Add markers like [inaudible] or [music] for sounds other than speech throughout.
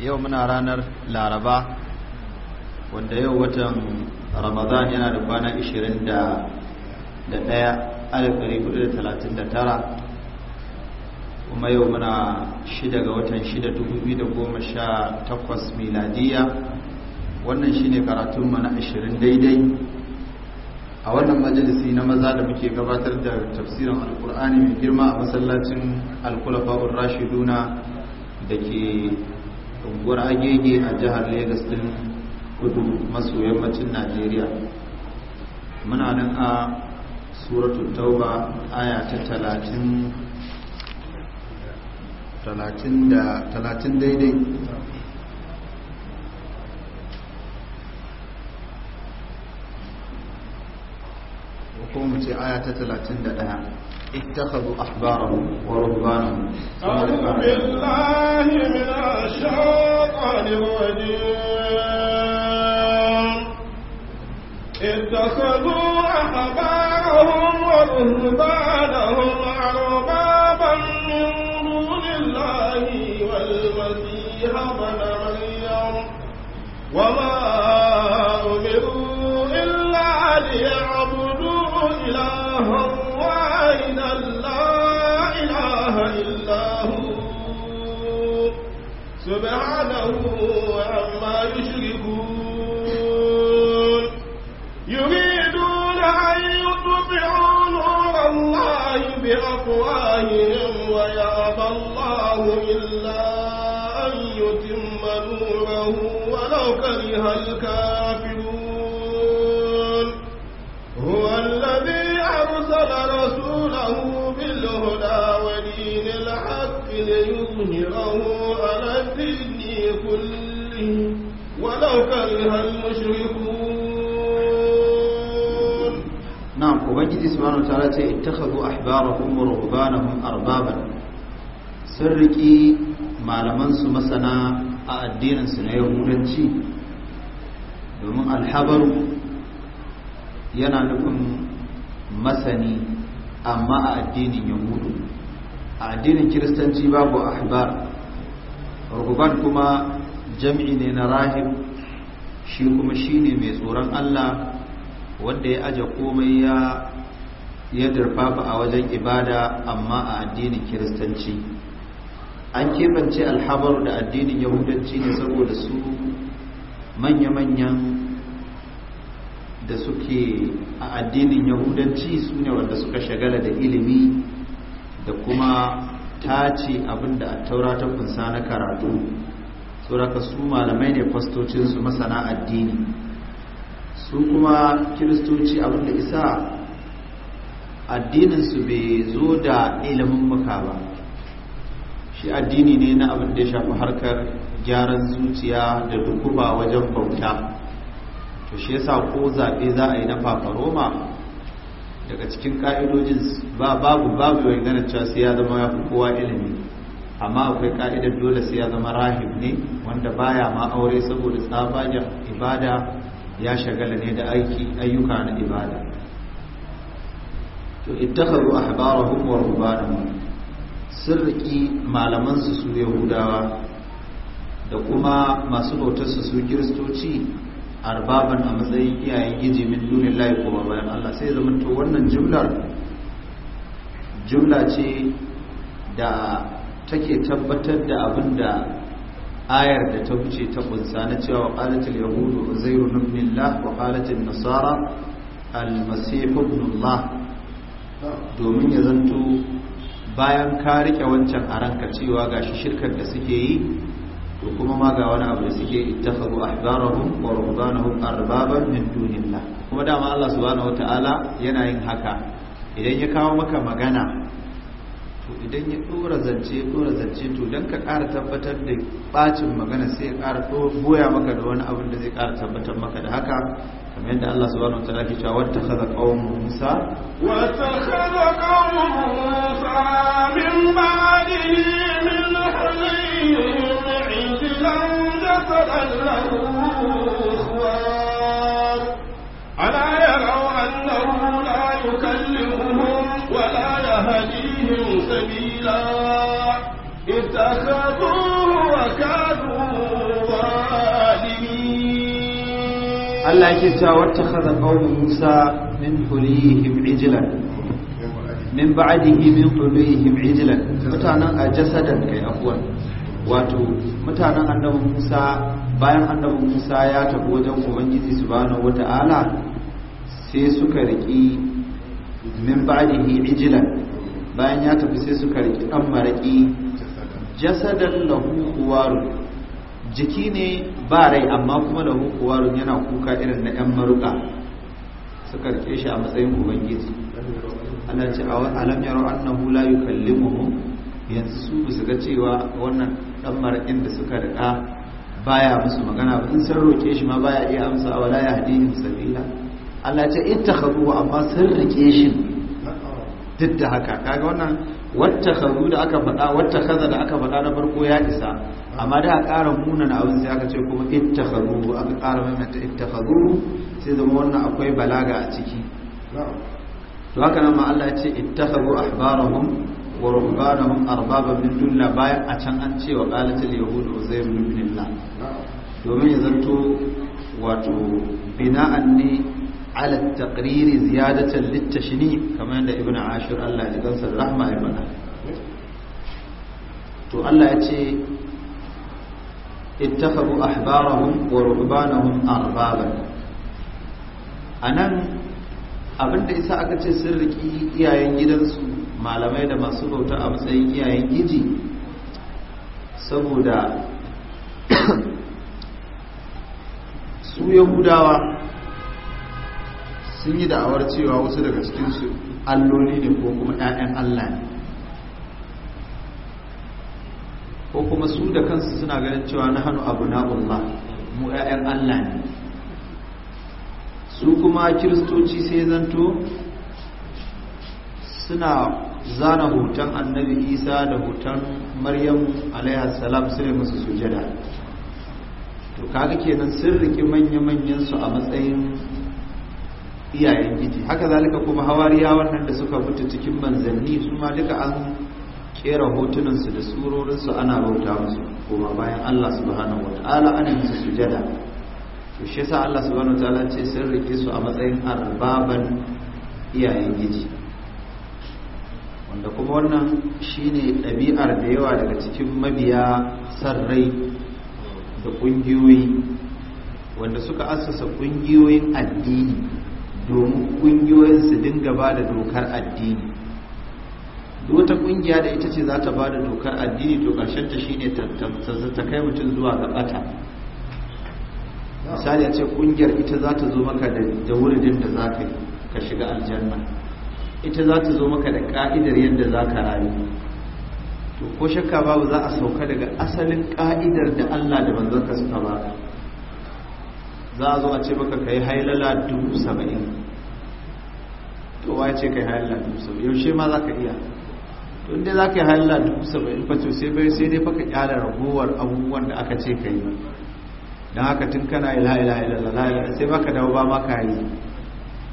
yau muna ranar laraba wanda yau watan ramadan yana da kwana 21,439 kuma yau muna 6 ga watan 6,2018 miladiya wannan shine karatun na 20 daidai a wannan majalisi na maza da muke gabatar da tafsirin alkur'ani mai girma a masallacin alkulafa'ur rashiduna da ke unguwar agege a jihar lagos din kudu maso yammacin najeriya muna nan a suratul tauba aya ta talatin talatin daidai wuce aya ta 31 ittakhadhu ahbarahum wa rubbanahum a'udhu billahi minash shaitanir rajim ittakhadhu ahbarahum wa rubbanahum سبحانه عما يشركون يريدون أن يطفئوا نور الله بأفواههم ويأبى الله إلا أن يتم نوره ولو كره الكافرون هو الذي أرسل رسوله أيها المشركون نعم وبنجي سبحانه وتعالى اتخذوا أحبارهم ورهبانهم أربابا سرقي malamansu masana a addininsu na yahudanci domin alhabaru yana nufin masani amma a addinin yahudu a addinin kiristanci babu ahbar rukuban kuma jam'i ne na rahim shi kuma shi ne mai tsoron Allah wanda ya aje komai ya ya durfafa a wajen ibada amma a addinin kiristanci an kebance alhabar da addinin yahudanci ne saboda su manya-manyan da suke a addinin yahudanci su ne wanda suka shagala da ilimi da kuma tace abinda a taura ta kunsa na karatu sauraka su malamai ne fastocinsu masana addini su kuma kiristoci abinda isa addininsu bai zo da ilimin muka ba shi addini ne na abin da ya shafi harkar gyaran zuciya da dukuba wajen bauta to shi yasa ko zaɓe za a yi na fafaroma daga cikin ƙa'idojin babu babu wani ganin cewa sai ya zama ya fi kowa ilimi amma akwai ka'idar dole sai ya zama rahib ne wanda baya ma aure saboda da ibada ya shagala ne da aiki ayyuka na ibada to ittakhadhu ahbarahum wa rubbanahum sirriki malaman su su yahudawa da kuma masu bautar su su kiristoci arbaban a matsayin iyayen giji min dunillahi ko bayan Allah sai zama to wannan jumlar jumla ce da take tabbatar da abin da ayar da ta wuce ta kunsa na cewa qalatul yahudu uzairu ibn Allah wa qalatul nasara al-masih domin ya zanto bayan ka rike wancan a ranka cewa gashi shirkar da suke yi to kuma ma ga wani abu da suke ittakhadhu ahbarahum wa rubbanahum arbaban min dunillah kuma dama Allah subhanahu wataala yana yin haka idan ya kawo maka magana to idan ya dora zance dora zance to don ka ƙara tabbatar da bacin magana sai ya ƙara goya maka da wani abin da zai ƙara tabbatar maka da haka kamar yadda Allah subhanahu wataala ke cewa wata kaza qawm Musa Wata kaza qawm Musa min ba'dihi min hulihim ijlan jasadan lahu ala yaraw annahu Allah yake cewa wata kaza kawo Musa min hulihim ijilan min ba'adihi min hulihim ijilan mutanen a jasadar kai abuwan wato mutanen annabi Musa bayan annabi Musa ya tafi wajen Ubangiji subhanahu wata'ala sai suka riki min ba'adihi ijilan bayan ya tafi sai suka riƙi ɗan maraƙi jasadar lahu kuwarun jiki ne ba rai amma kuma lahu kuwarun yana kuka irin na ɗan maruka suka riƙe shi a matsayin ubangiji Allah ce alam yaro yi kalli muhu yanzu su bisa ga cewa wannan ɗan maraƙin da suka riƙa baya musu magana ba in sun roƙe shi ma baya iya amsa a ya hadihim sabila Allah ce ittakhadhu amma sun rike shi duk da haka kaga wannan wata kharu da aka faɗa wata kaza da aka faɗa na farko ya isa amma da aka ƙara munana abin sai aka ce kuma ittakharu aka ƙara maimaita ittakharu sai zama wannan akwai balaga a ciki to haka nan ma Allah ya ce ittakharu ahbarahum wa ruhbanahum arbaba min dunilla bayan a can an ce wa qalatul yahud uzayr ibn ibn domin ya zanto wato bina'an ne ala taqriri ziyadatan littashni kamar yadda ibnu ashir Allah ya gansa rahma ya mana to Allah ya ce ittakhadhu ahbarahum wa ruhbanahum arbaban anan abinda isa aka ce sun riki iyayen gidansu malamai da masu bauta a matsayin iyayen giji saboda su yahudawa sun yi da'awar cewa wasu daga cikinsu alloli ne ko kuma 'ya'yan allah ne ko kuma su da kansu suna ganin cewa na hannu abu na'ullah mu 'ya'yan allah ne su kuma kiristoci sai zanto suna zana hoton annabi isa da hoton maryam salam su ne musu sujada to kaga kenan sun riki manya-manyansu a matsayin iyayen giji haka zalika kuma hawariya wannan da suka mutu cikin manzanni su ma duka an kera hotunansu da surorinsu ana bauta musu kuma bayan Allah subhanahu wata'ala ana musu sujada to shi yasa Allah subhanahu wata'ala ce sun rike su a matsayin arbaban iyayen giji wanda kuma wannan shine ɗabi'ar da yawa daga cikin mabiya sarrai da ƙungiyoyi wanda suka assasa ƙungiyoyin addini domin kungiyoyin su dinga ba da dokar addini wata kungiya da ita ce za ta ba da dokar addini to ta shine ta kai mutum zuwa ga bata misali a ce kungiyar ita za ta zo maka da wuridin da za ka ka shiga aljanna ita za ta zo maka da ƙa'idar yadda za ka rayu to ko shakka babu za a sauka daga asalin ƙa'idar da allah da manzon ka suka baka za a zo a ce baka ka yi hailala dubu saba'in to wa ce ka yi hailala dubu saba'in yaushe ma za ka iya to inda za ka yi hailala dubu saba'in fato sai bai sai dai baka kyala ragowar abubuwan da aka ce ka yi don haka tun kana yi ila ila ila sai baka dawo ba ma ka yi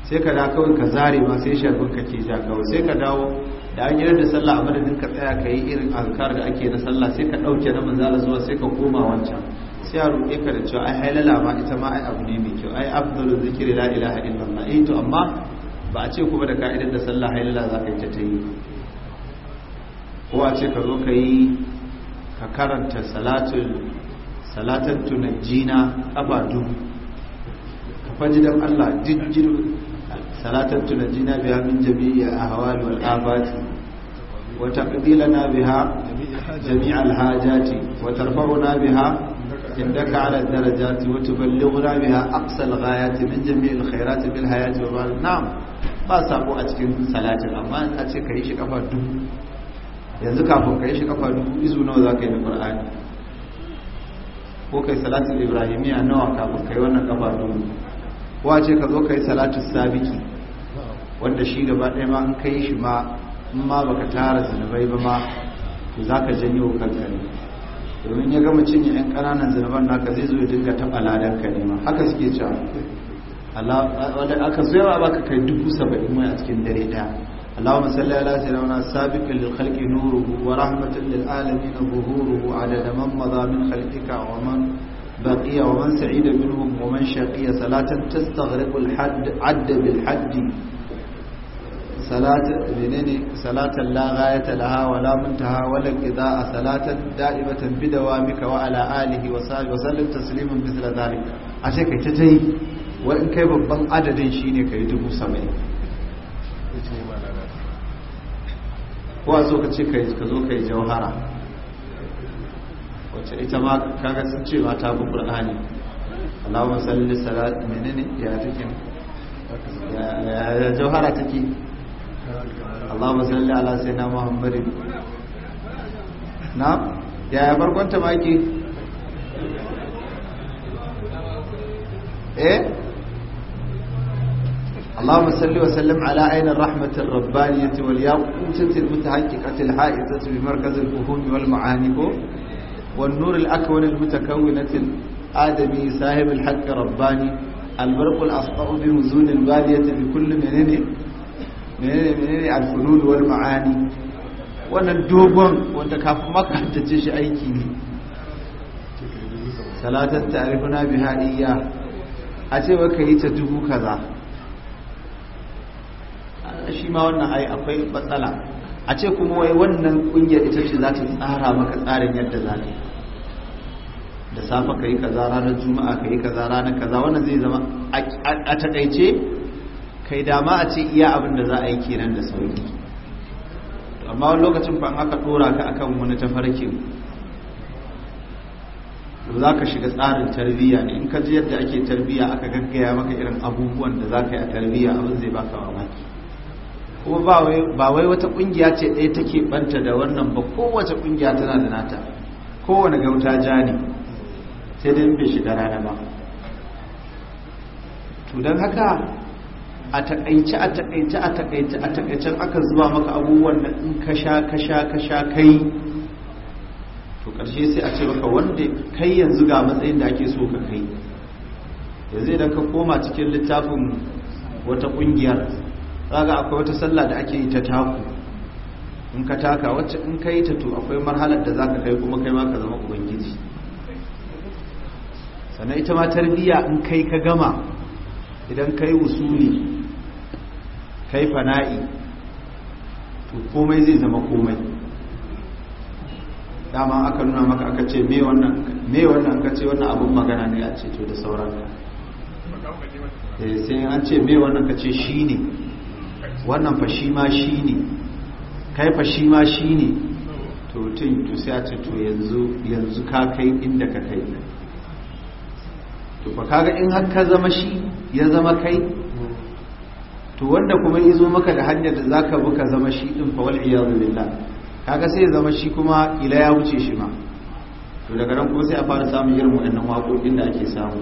sai ka dawo kawai ka zare ma sai sharbin ka ke ja kawai sai ka dawo da an yi da sallah a madadin ka tsaya ka yi irin alkar da ake na sallah sai ka ɗauke na manzala zuwa sai ka koma wancan sai a roƙe ka da cewa ai halala ma ita ma ai abu ne mai kyau ai afdalu zikri la ilaha illallah eh to amma ba a ce kuma da ka'idar da sallah halala za ka yi ta ta yi ko a ce ka zo ka yi ka karanta salatul salatul tunajjina kafa dubu ka faji dan Allah jijjir salatul tunajjina bi min jami'a a wal abati wa taqdilana biha jami'a al hajati wa tarfa'una biha إنك على الدرجات وتبلغنا بها أقصى الغايات من جميع الخيرات في الحياة وبعد نعم ba sabo a cikin salatin amma a ce ka yi shi kafa dubu yanzu kafin ka yi shi kafa dubu izu nawa za ka yi ko kai salatin ibrahimiya nawa kafin ka wannan kafa dubu ko a ce ka zo ka yi salatin sabiki wanda shi gaba ɗaya ma in ka yi shi ma in baka tara zunubai ba ma za ka janyo kan domin ya gama cinye yan kananan zunuban naka zai zo ya dinga taɓa ladan ka nema haka suke cewa wanda aka zo ba baka kai dubu saba'in mai a cikin dare ɗaya wa rahmatan على سيدنا سابقا للخلق نوره ورحمة للعالمين ظهوره عدد من مضى من خلقك ومن بقي ومن سعيد منهم ومن شقي صلاة hadd الحد bil بالحد salatan la ghayata laha wa la muntaha wa la qidaa salatan da'ibatan bidawamika wa ala alihi wa sahbihi wa sallim tasliman mithla dhalik ashe kai ta tai wa in kai babban adadin shine kai dubu 70 ko a zo ka ce ka zo kai jawhara wacce ita ma kaga sun ce ma ta bi qur'ani Allahumma salli salat menene ya take ya jawhara take Allahumma salli ala sayyidina Muhammadin na yaya farkon ta maki eh اللهم صل وسلم على عين الرحمة الربانية والياقوتة المتحققة الحائطة بمركز الفهوم والمعاني والنور الأكون المتكونة الآدمي صاحب الحق الرباني البرق الأصطع بمزون البالية بكل منين menene menene alfunun wal ma'ani wannan dogon wanda kafin ce shi aiki ne salatar ta'rifuna biha iya a ce baka yi ta dubu kaza ah, shi ma wannan ai akwai matsala a ce kuma wai wannan kungiyar ita ce za ta tsara maka tsarin yadda za ka da safe ka kaza ranar juma'a ka kaza ranar kaza wannan zai zama a takaice kai dama a ce iya abin da za a yi kenan da sauki amma wani lokacin fa aka dora ka akan wani tafarkin za ka shiga tsarin tarbiyya ne in ka ji yadda ake tarbiyya aka gaggaya maka irin abubuwan da za ka yi a tarbiyya abin zai baka mamaki kuma ba wai wata kungiya ce ɗaya take banta da wannan ba kowace kungiya tana da nata kowane gauta ja ne sai dai bai shiga rana ba to don haka a takaice a takaice a takaice a takaice aka zuba maka abubuwan da in ka sha ka sha ka sha kai to karshe sai a ce maka wanda kai yanzu ga matsayin da ake so ka kai yanzu da ka koma cikin littafin wata kungiyar zaga akwai wata sallah da ake yi ta taku in ka taka wacce in ka yi ta to akwai marhalar da za ka kai kuma kai ma ka zama ubangiji sannan ita ma tarbiyya in kai ka gama idan kai usuli kai fana'i to komai zai zama komai dama aka nuna maka aka ce me wannan ka ce wannan abin magana ne a ce to da sauran ka eh, sai an ce me wannan ka ce shi ne wannan fa shi ma shi ne kai fa shi ma shi ne to tun to sai a ce to yanzu ka kai inda ka kai to fa kaga in har ka zama shi ya zama kai to wanda kuma ya zo maka da hanyar da za ka buka zama shi ɗin fawal iyadu billah kaga sai zama shi kuma ila ya wuce shi ma to daga nan kuma sai a fara samun irin waɗannan waƙoƙin da ake samu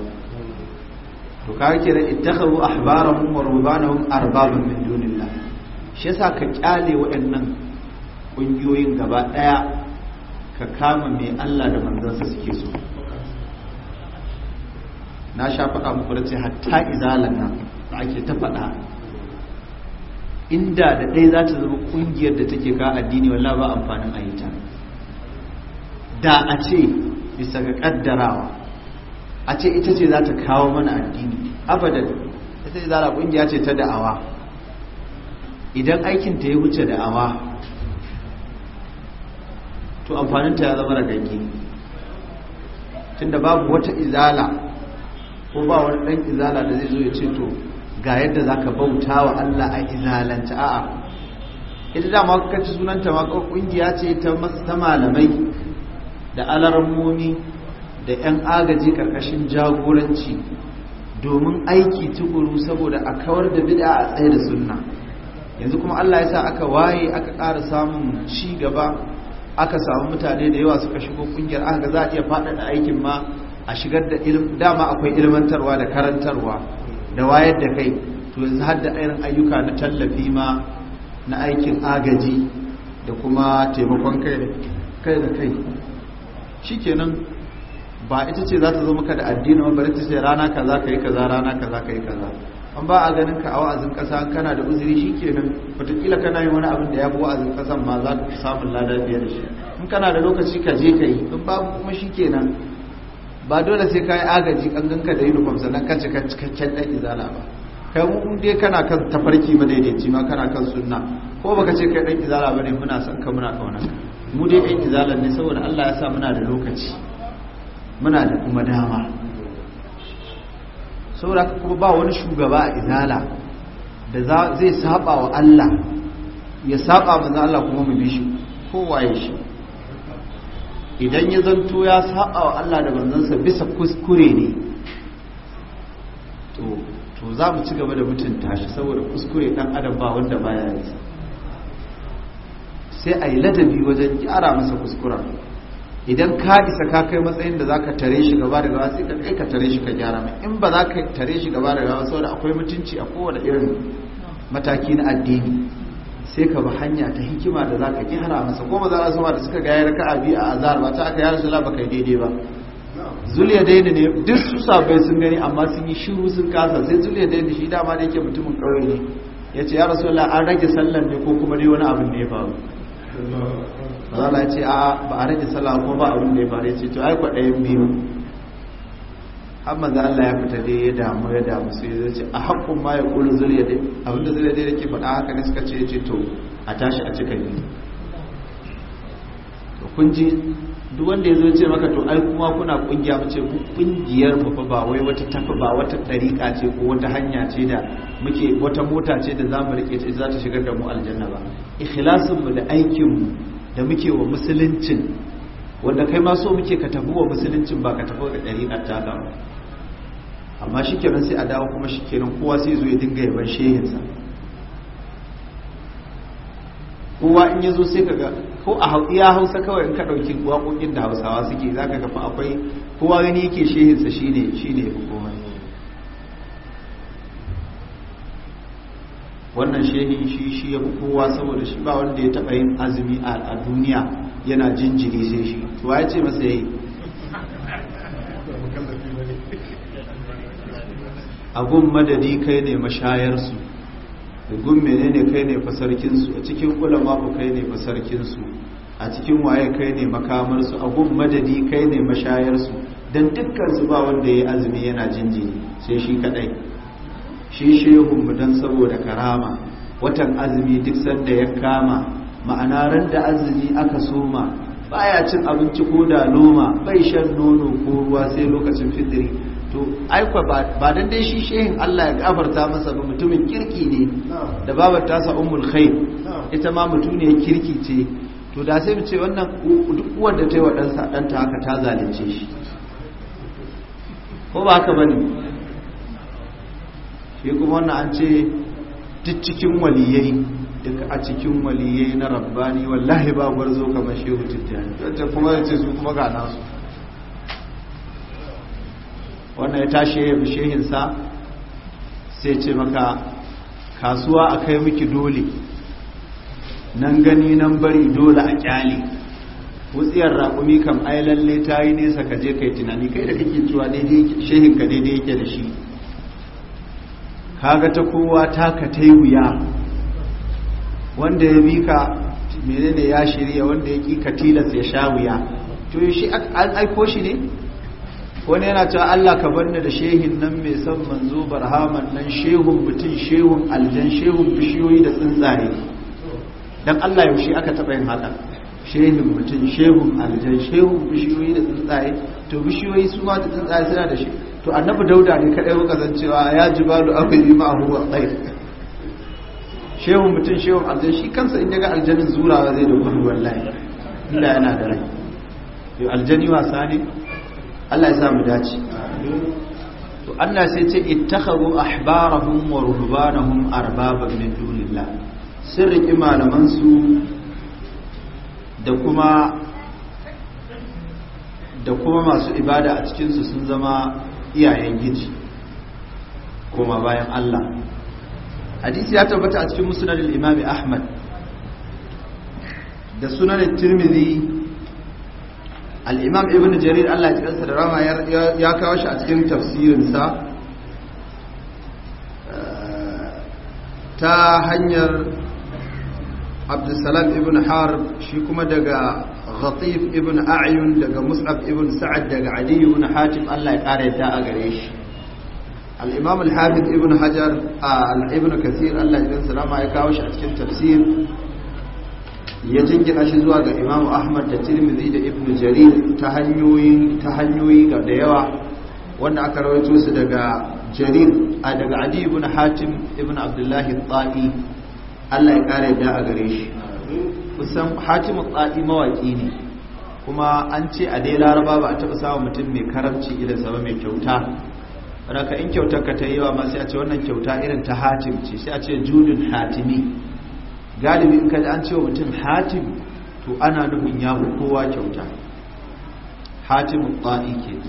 to kaga kira ittakhu ahbarahum wa rubbanahum arbabun min dunillah shi yasa ka kyale waɗannan ƙungiyoyin gaba ɗaya ka kama mai Allah da manzansa suke so na sha faɗa muku da hatta izalan nan da ake ta faɗa inda da ɗaya za ta zama ƙungiyar da take ka addini walla ba amfanin ayyuta da a ce bisa ga ƙaddarawa a ce ita ce za ta kawo mana addini abadan ita ce zara ƙungiya ce ta da'awa idan aikin ta ya wuce da'awa to amfaninta ya zama tun tunda babu wata izala ko ba wani ɗan izala da zai zo ya ce to ga yadda za ka bauta wa Allah a izalanta a'a ita da kuka ci sunanta ma kungiya ce ta malamai da alarmomi da 'yan agaji karkashin jagoranci domin aiki tukuru saboda a kawar da bid'a a tsaye da sunna yanzu kuma Allah ya sa aka waye aka ƙara samun ci gaba aka samu mutane da yawa suka shigo kungiyar aka za a iya faɗaɗa aikin ma a shigar da dama akwai ilmantarwa da karantarwa da wayar da kai to yanzu har da irin ayyuka na tallafi ma na aikin agaji da kuma taimakon kai da kai shikenan ba ita ce za ta zo maka da addini ba ta ce rana kaza kai kaza rana kaza kai kaza an ba a ganin ka a wa'azin kasa an kana da uzuri shikenan wataƙila kana yin wani abin da ya fi wa'azin kasan ma za ka samun lada biyar shi in kana da lokaci ka je ka yi in ba kuma shikenan ba dole sai ka yi agaji ka da uniform sannan ka cika cikakken dan izala ba kai mu dai kana kan tafarki madaidaici ma kana kan sunna ko baka ce kai dan izala bane muna son ka muna kauna mu dai dan izalan ne saboda Allah ya sa muna da lokaci muna da kuma dama saboda kuma ba wani shugaba a izala da zai saba wa Allah ya saba manzo Allah kuma mu bi shi kowa ya shi idan ya zanto ya saba wa Allah da manzansa bisa kuskure ne to za mu ci gaba da mutunta shi saboda kuskure dan adam ba wanda baya yi sai a yi ladabi wajen gyara masa kuskura idan ka isa ka kai matsayin da za ka tare shi gaba da gaba sai ka kai ka tare shi ka gyara mai in ba za ka tare shi gaba da gaba saboda akwai mutunci a kowane irin mataki na addini sai ka bi hanya ta hikima da za ka ki hana masa ko maza sama da suka gayar ka biyu a azhar ba ta aka yi rasula ba kai daidai ba zuliya daina ne duk su sabai sun gani amma sun yi shiru sun kasa sai zuliya daina shi dama da yake mutumin kawai ne ya ce ya rasulullah an rage sallan ne ko kuma dai wani abin da ya faru mazala ya ce a ba a rage sallah ko ba abin da ya faru ya ce to ai kwaɗayin biyu amma da Allah ya fita dai ya damu ya damu sai ya ce a haƙƙun ma ya ƙulu zuriya dai abinda zuriya dai yake faɗa haka ne suka ce ya ce to a tashi a cika ne to kun ji duk wanda ya zo ce maka to ai kuma kuna kungiya mu ce ku kungiyar mu ba wai wata tafi ba wata dariƙa ce ko wata hanya ce da muke wata mota ce da zamu rike ta za ta shigar da mu aljanna ba ikhlasin mu da aikin mu da muke wa musuluncin wanda kai ma so muke ka tafi wa musuluncin ba ka tafi ga dariƙar ta ba amma shi kenan sai a dawo kuma shi kenan kowa sai zo ya dinga yaban shehinsa kowa in ya sai kaga ko a hausa kawai in ka ɗauki waƙoƙin da hausawa suke za ka gafa akwai kowa gani yake shehinsa shine shine kowa wannan shehin shi shi ya kowa saboda shi ba wanda ya taɓa yin azumi a duniya yana jinjiri sai shi to ya ce masa yayi a gun madadi kai ne mashayarsu da gun menene kai ne fasarkinsu a cikin ulama ku kai ne fasarkinsu a cikin waye kai ne makamarsu a gun madadi kai ne mashayarsu don dukkan su ba wanda ya yi azumi yana jinjiri sai shi kadai shi shehunmu don saboda karama watan azumi duk sanda ya kama ma'ana ran da azumi aka soma baya cin abinci ko da noma bai shan nono ko ruwa sai lokacin fitiri to aikwa ba dan dai shi shehin Allah ya gafarta masa ba mutumin kirki ne da babar tasa ummul khair ita ma mutuniyar kirki ce to da sai mu ce wannan duk wanda ta yi wa ɗansa ɗanta haka ta zalunce shi ko ba haka bane shi kuma wannan an ce duk cikin waliyai duk a cikin waliyai na rabbani wallahi ba gwarzo kamar shehu tijjani ta kuma ya ce su kuma ga nasu wannan ya tashi ya yabi shehinsa sai ce maka kasuwa a kai miki dole nan gani nan bari dole a kyale wutsiyar raƙumi kam ai lalle ta yi nesa ka je kai tunani kai da kake cewa daidai shehin ka daidai yake da shi kaga ta kowa taka ta yi wuya wanda ya bi ka menene ya shirya wanda ya ƙi ka tilas ya sha wuya to shi an aiko shi ne wani yana cewa Allah ka barni da shehin nan mai son manzo barhaman nan shehun mutum shehun aljan shehun bishiyoyi da tsuntsaye dan Allah yaushe aka taɓa yin haka shehin mutum shehun aljan shehun bishiyoyi da tsuntsaye to bishiyoyi su ma da tsuntsaye suna da shi to annabi dauda ne kadai muka san cewa ya jibalu akhidhi ma huwa tsair shehun mutum shehun aljan shi kansa in yaga aljanin zurawa zai da gudu wallahi illa yana da rai aljani wasa ne Allah ya samu dace to Allah sai ce ittakhadhu ahbarahum wa ruhbanahum arbaban min dunillah sirri riƙi su da kuma da kuma masu ibada a cikin su sun zama iyayen giji kuma bayan Allah hadisi ya tabbata a cikin musnadul imami imam Ahmad da sunan tirmidhi al'imam ibn jarir allah ya cikinsa da rama ya kawo shi a cikin tafsirinsa eh, ta hanyar abdulsalam ibn harb shi kuma daga khatif ibn a'yun daga mus'ab ibn sa'ad daga aliyu ibn hatim allah ya ƙara yadda a gare shi al'imam al-habib ibn hajar a al'ibin kasir allah ya cikinsa rama ya kawo shi a cikin tafsir ya jingina shi zuwa ga imamu ahmad da tirmidhi da ibn jarir ta hanyoyi ta hanyoyi ga da yawa wanda aka rawaito su daga jarir a daga adi ibn hatim ibn abdullahi ta'i Allah ya kare da a gare shi kusan hatim ta'i mawaki ne kuma an ce a dai laraba ba a taba samun mutum mai karamci irin sa mai kyauta raka in kyautar ka ta yi wa ma sai a ce wannan kyauta irin ta hatim ce sai a ce judun hatimi galibi in kaji an ce wa mutum hatim to ana nufin ya fi kowa kyauta hatim tsa'i ke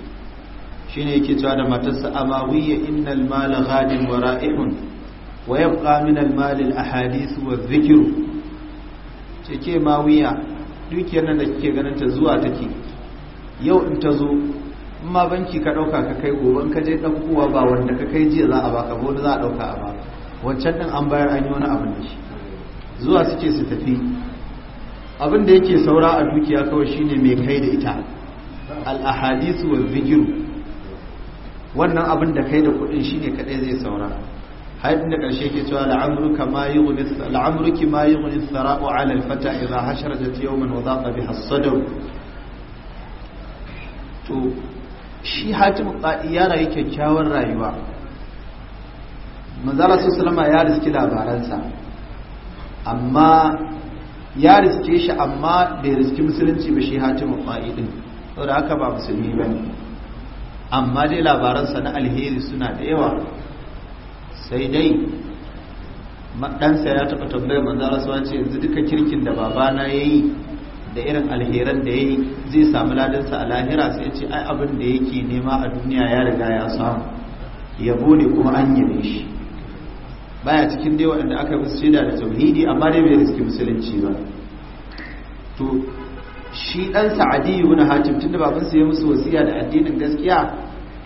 shi ne yake cewa da matarsa amawiyya innal mal ghadin wa ra'ihun wa yabqa min al mali al ahadith wa dhikr ce mawiya dukiyar nan da kike ganin ta zuwa take yau in ta zo in ma banki ka dauka ka kai gobe in ka je ɗaukowa ba wanda ka kai jiya za a baka gobe za a dauka a baka wancan din an bayar an yi wani abu ne zuwa suke su tafi abin da yake saura a dukiya kawai shine mai kai da ita al-ahadisu wal zikiru wannan abin da kai da kudin shine kadai zai saura haidin da karshe ke cewa al'amruka ma yughni al'amruki ma yughni sara'u 'ala al-fata idha hasharajat yawman wa dhaqa biha as-sadr to shi hatim qadi ya rayu kyakkyawar rayuwa manzala sallallahu alaihi wasallam ya riski labaransa amma ya riske shi amma bai riske musulunci ba shi hatimin fa'i din saboda haka ba musulmi ba ne amma dai labaransa na alheri suna da yawa sai dai ɗansa ya taɓa tambayar manzara suwa ce yanzu duka kirkin da babana ya yi da irin alheran da ya yi zai sami ladinsa a lahira sai ce ai abin da yake nema a duniya ya riga ya samu yabo ne kuma an yabe shi baya cikin dai waɗanda aka musu shaida da tauhidi amma dai bai riski musulunci ba to shi dan sa'adi ibn hatim tunda baban sa ya musu wasiya da addinin gaskiya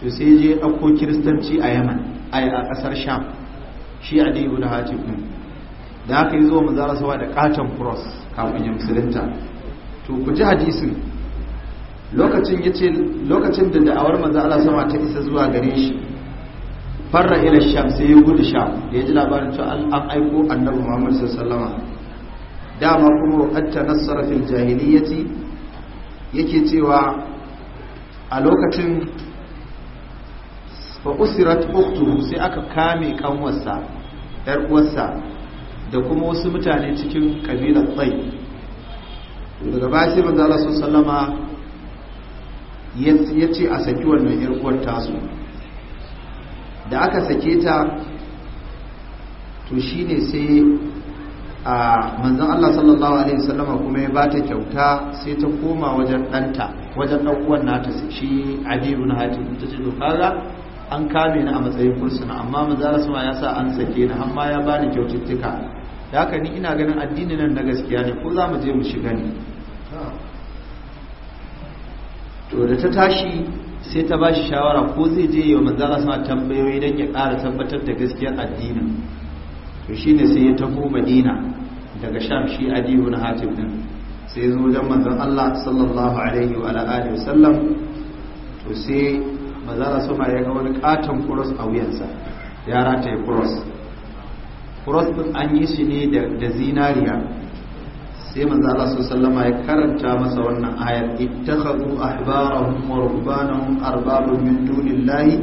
to sai je dauko kristanci a yaman a kasar sham shi adi ibn hatim din da aka yi zuwa Allah sawa da katon cross kafin ya musulunta to ku ji hadisin lokacin yace lokacin da da'awar manzo Allah sama ta isa zuwa gare shi farra ila sham sai ya gudu sham da ya ji labarin cewa an aiko annabi muhammad sallama dama kuma wakatta nasara fil jahiliyyati yake cewa a lokacin fa usirat uktuhu sai aka kame kanwarsa yar uwarsa da kuma wasu mutane cikin kabilar tsai daga baya sai manzo Allah sallama ya ce a saki wannan yar uwar tasu da aka sake ta to shi ne sai a manzan Allah sallallahu alaihi wasallama kuma ya bata kyauta sai ta koma wajen ɗanta wajen ɗan uwan ta shi adiru na hajji ta ce to kaga an kame ni a matsayin kursuna amma manzara sama ya sa an sake ni amma ya bani kyaututtuka da haka ni ina ganin addini nan na gaskiya ne ko za mu je mu shiga ne to da ta tashi sai ta ba shi shawara ko zai je yi wa manzala sama tambayoyi don ya ƙara tabbatar da gaskiyar addinin to shi ne sai ya taho madina daga sham shi adiyu na hatim din sai zo don manzan allah sallallahu alaihi wa alihi sallam to sai manzala sama ya ga wani katon kuros a wuyansa ya ya kuros kuros din an yi shi ne da zinariya sai manzo Allah sallallahu alaihi ya karanta masa wannan ayar ittakhadhu ahbarahum wa rubbanahum arbabun min dunillahi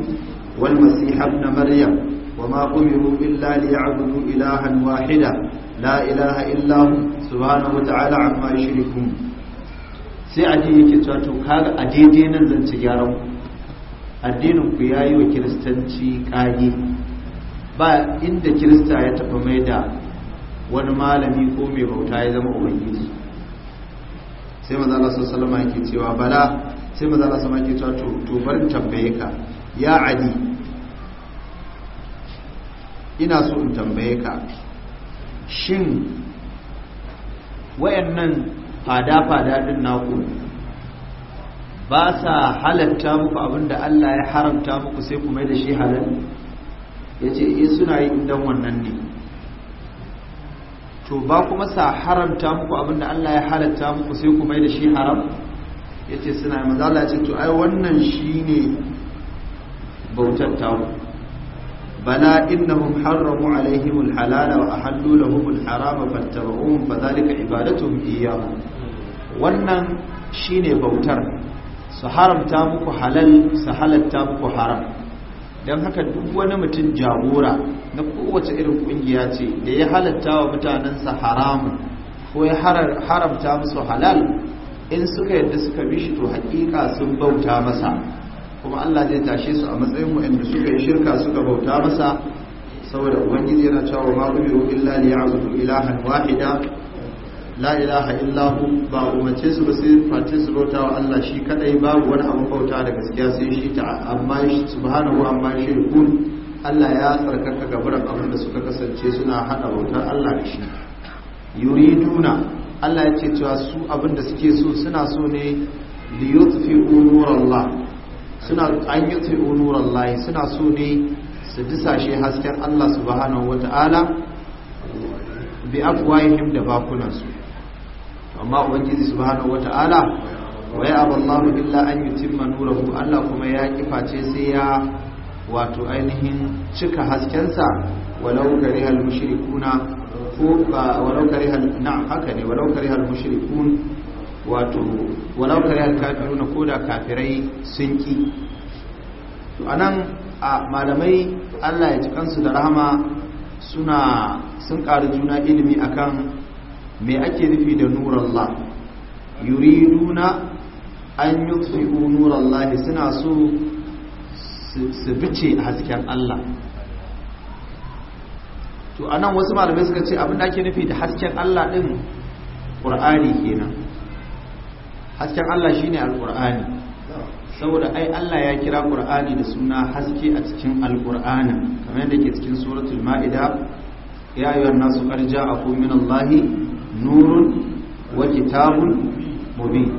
wal masih ibn maryam wama umiru illa liya'budu ilahan wahida la ilaha illa hu subhanahu wa ta'ala amma yushrikun sai addini yake cewa to kaga a daidai nan zan ci gyaran addinin ku yayi wa kiristanci kage ba inda kirista ya tafi maida. wani malami ko mai bauta ya zama ubangiji sai maza sun salama ke cewa bala sai maza Allah sallama ke cewa to bari tambaye ka ya adi ina so in tambaye ka shin wayannan fada-fada din naku ba sa halatta muku abinda Allah ya haramta muku sai kuma da shi halal yace eh suna yi dan wannan ne to ba kuma sa haramta muku abinda Allah ya halatta muku sai ku mai da shi haram yace suna manzo maza ce to ai wannan shine bautar tawo bala innahum harramu alaihim alhalala wa ahallu lahum alharama fattaba'uhum fadhalika ibadatuhum iyyahum wannan shine bautar su haramta muku halal su halatta muku haram don haka duk wani mutum jagora na kowace irin kungiya ce da ya halatta wa mutanensa haramu ko ya haramta musu halal in suka yadda suka bi shi to hakika sun bauta masa kuma Allah zai tashe su a matsayin waɗanda suka yi shirka suka bauta masa saboda ubangiji yana cewa ma umiru illa liya'budu ilahan wahida la ilaha illahu ba umarce su ba sai fatin su bauta wa Allah shi kadai babu wani abu bauta da gaskiya sai shi ta amma subhanahu amma shirkun Allah ya tsarkaka gaburan abin da suka kasance suna hada bautar Allah da shi yuriduna Allah ya ce cewa su abin da suke so suna so ne li nur Allah suna an nur Allah suna so ne su disashe hasken Allah subhanahu wata'ala bi afwayihim da bakunansu amma ubangiji subhanahu wata'ala wa aballahu illa an yutimma nurahu Allah kuma ya kiface sai ya wato ainihin cika haskensa walau karihal mushrikuna ko ba walau karihal na'am haka ne walau karihal mushrikun wato walau karihal kafiruna ko da kafirai sun ki to anan a malamai Allah ya ji kansu da rahama suna sun karu juna ilimi akan me ake nufi da la yuriduna an nuran la suna so su bice hasken Allah to anan wasu malamai suka ce abin da ake nufi da hasken Allah din Qur'ani kenan hasken Allah shine alqur'ani saboda ai Allah ya kira Qur'ani da suna haske a cikin Al-ƙur'ani kamar yadda ke cikin suratul ma'ida ya ayyuhan nasu qad ja'akum minallahi nurun wa kitabun mubin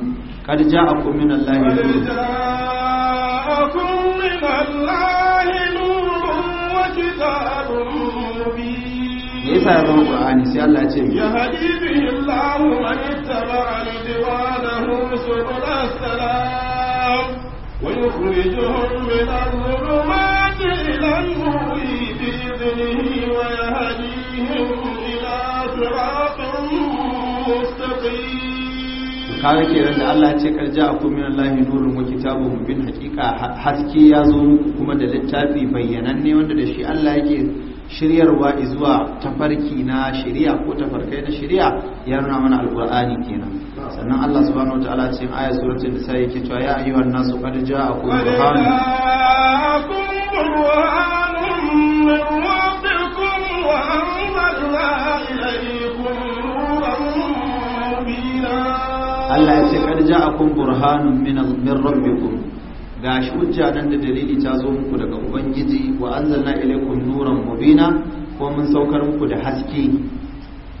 kad ja'akum min allahi nurun ja'akum min allahi nurun wa yasa ya zama qur'ani sai Allah ce ya kawai ke kaga da Allah ce karja a kuma min lahi nurin wa kitabu mubin hakika haske ya zo kuma da littafi bayyananne wanda da shi Allah yake shiryarwa zuwa tafarki na shiriya ko tafarkai na shiriya ya nuna mana alkur'ani kenan sannan Allah subhanahu wa ta'ala cikin ayat suratul nisa yake cewa ya ayyuhan nasu qad ja'akum burhanun Allah ya ce kad ja'akum burhanun min min rabbikum shi hujja nan da dalili ta zo muku daga ubangiji wa anzalna ilaykum nuran mubina ko mun saukar muku da haske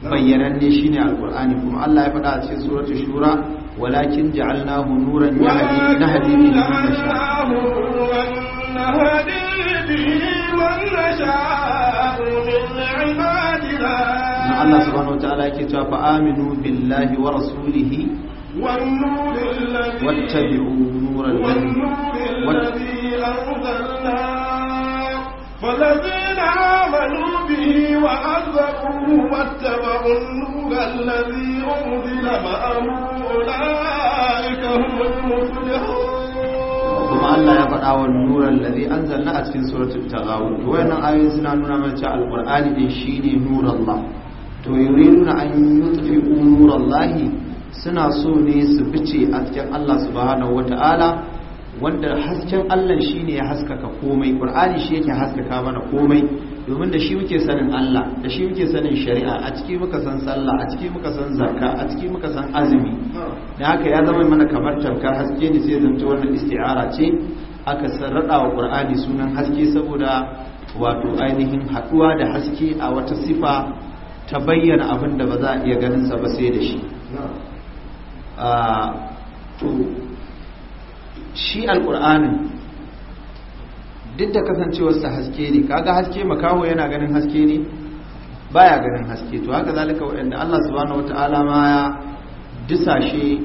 bayyananne shine alqur'ani kuma Allah ya faɗa a cikin suratul shura walakin ja'alnahu nuran yahdi nahdi bihi man nasha Allah subhanahu wa ta'ala yake cewa fa aminu billahi wa rasulihi واتبعوا نور الذي فالذين آمنوا به وعذبوه واتبعوا النور الذي أنزل معه أولئك هم المفلحون kuma Allah ya faɗa wa nuran ladhi anzalna a cikin suratul taghabun to wayannan ayoyi suna nuna mana cewa alqur'ani din shine nurullah to yuriduna an yutfi'u nurallahi suna so ne su fice hasken Allah subhanahu wata'ala wanda hasken Allah shine ya haskaka komai Qur'ani shi yake haskaka mana komai domin da shi muke sanin Allah da shi muke sanin shari'a a ciki muka san sallah a ciki muka san zakka a ciki muka san azumi da haka ya zama mana kamar tamkar haske ne sai zanto wannan isti'ara ce aka sarrada wa Qur'ani sunan haske saboda wato ainihin haduwa da haske a wata sifa ta bayyana abin da ba za a iya ganin sa ba sai da shi Ah, to shi alƙur'anin duk da kasancewarsa haske ne kaga haske makaho yana ganin haske ne baya ganin haske to haka zalika waɗanda Allah subhanahu wataala ma ya disashe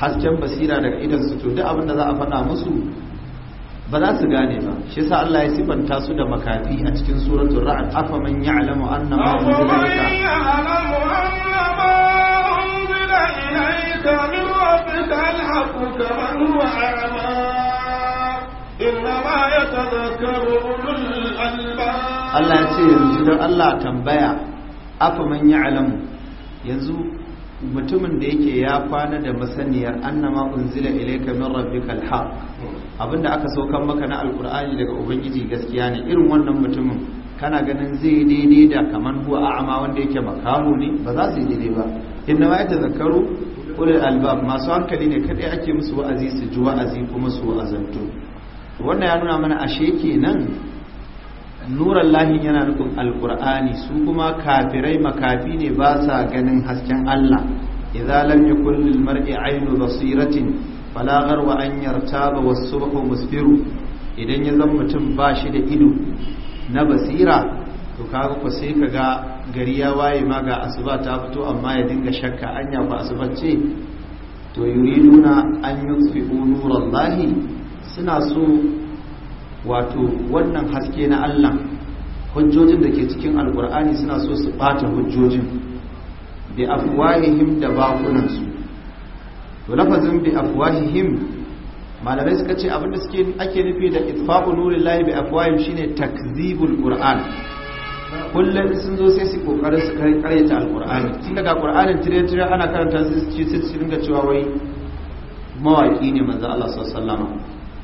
hasken basira daga idan su to duk abin da za a faɗa musu ba za su gane ba shi yasa Allah ya sifanta su da makafi a cikin suratul ra'd afaman ya'lamu annama unzila إليك من ربك الحق كمن هو أعمى إنما يتذكر أولو Allah ya ce yanzu don Allah tambaya afa man ya yanzu mutumin da yake ya kwana da masaniyar annama unzila ilayka min rabbika alhaq abinda aka saukan maka na alqur'ani daga ubangiji gaskiya ne irin wannan mutumin kana ganin zai daidai da kaman huwa a'ama wanda yake makaho ne ba za su yi daidai ba inna ma yatazakkaru ulul albab masu hankali ne kadai ake musu wa'azi su ji wa'azi kuma su wa'azantu wannan ya nuna mana ashe kenan nuran lahin yana nufin alkur'ani su kuma kafirai makafi ne ba sa ganin hasken Allah idza lam yakun lil mar'i aynu basiratin fala gharwa an yartaba was subhu musfiru idan ya zama mutum ba shi da ido na basira to kaga ku sai ka ga gari ya waye ma ga asuba ta fito amma ya dinga shakka anya ba asuba ce to yuriduna an yutfi'u nurallahi suna so wato wannan haske na Allah hujjojin da ke cikin alkur'ani suna so su bata hujjojin bi afwahihim da su. to lafazin bi afwahihim malamai suka ce abinda suke ake nufi da itfa'u nurillahi bi afwahihim shine takzibul qur'an kullum sun zo sai su kokarin su karyata alkur'ani tun daga alkur'anin tire-tire ana karanta su ci su dinga cewa wai mawaki ne manzo Allah sallallahu alaihi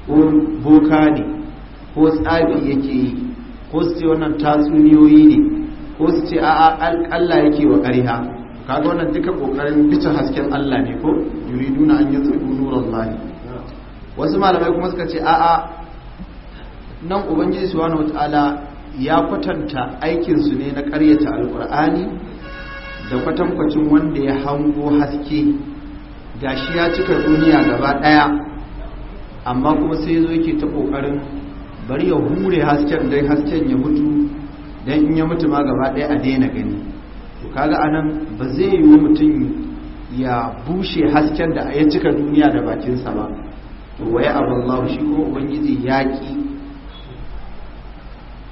ko boka ne ko tsabi yake yi ko su ce wannan tatsuniyoyi ne ko su ce a'a Allah yake wa ƙarya kaga wannan duka kokarin bice hasken Allah ne ko yuriduna an yutsu nurullahi wasu malamai kuma suka ce a'a nan ubangiji subhanahu wataala ya kwatanta aikinsu ne na karyata alkur'ani da kwatankwacin wanda ya hango haske Ga shi ya cika duniya gaba ɗaya amma kuma sai zo yake ta ƙoƙarin bari ya hure hasken dai hasken ya mutu don in ya mutu ma gaba ɗaya a daina gani to kaga anan ba zai yi mutum ya bushe hasken da ya cika duniya da bakinsa ba to waya abu Allah shi ko ubangiji yaki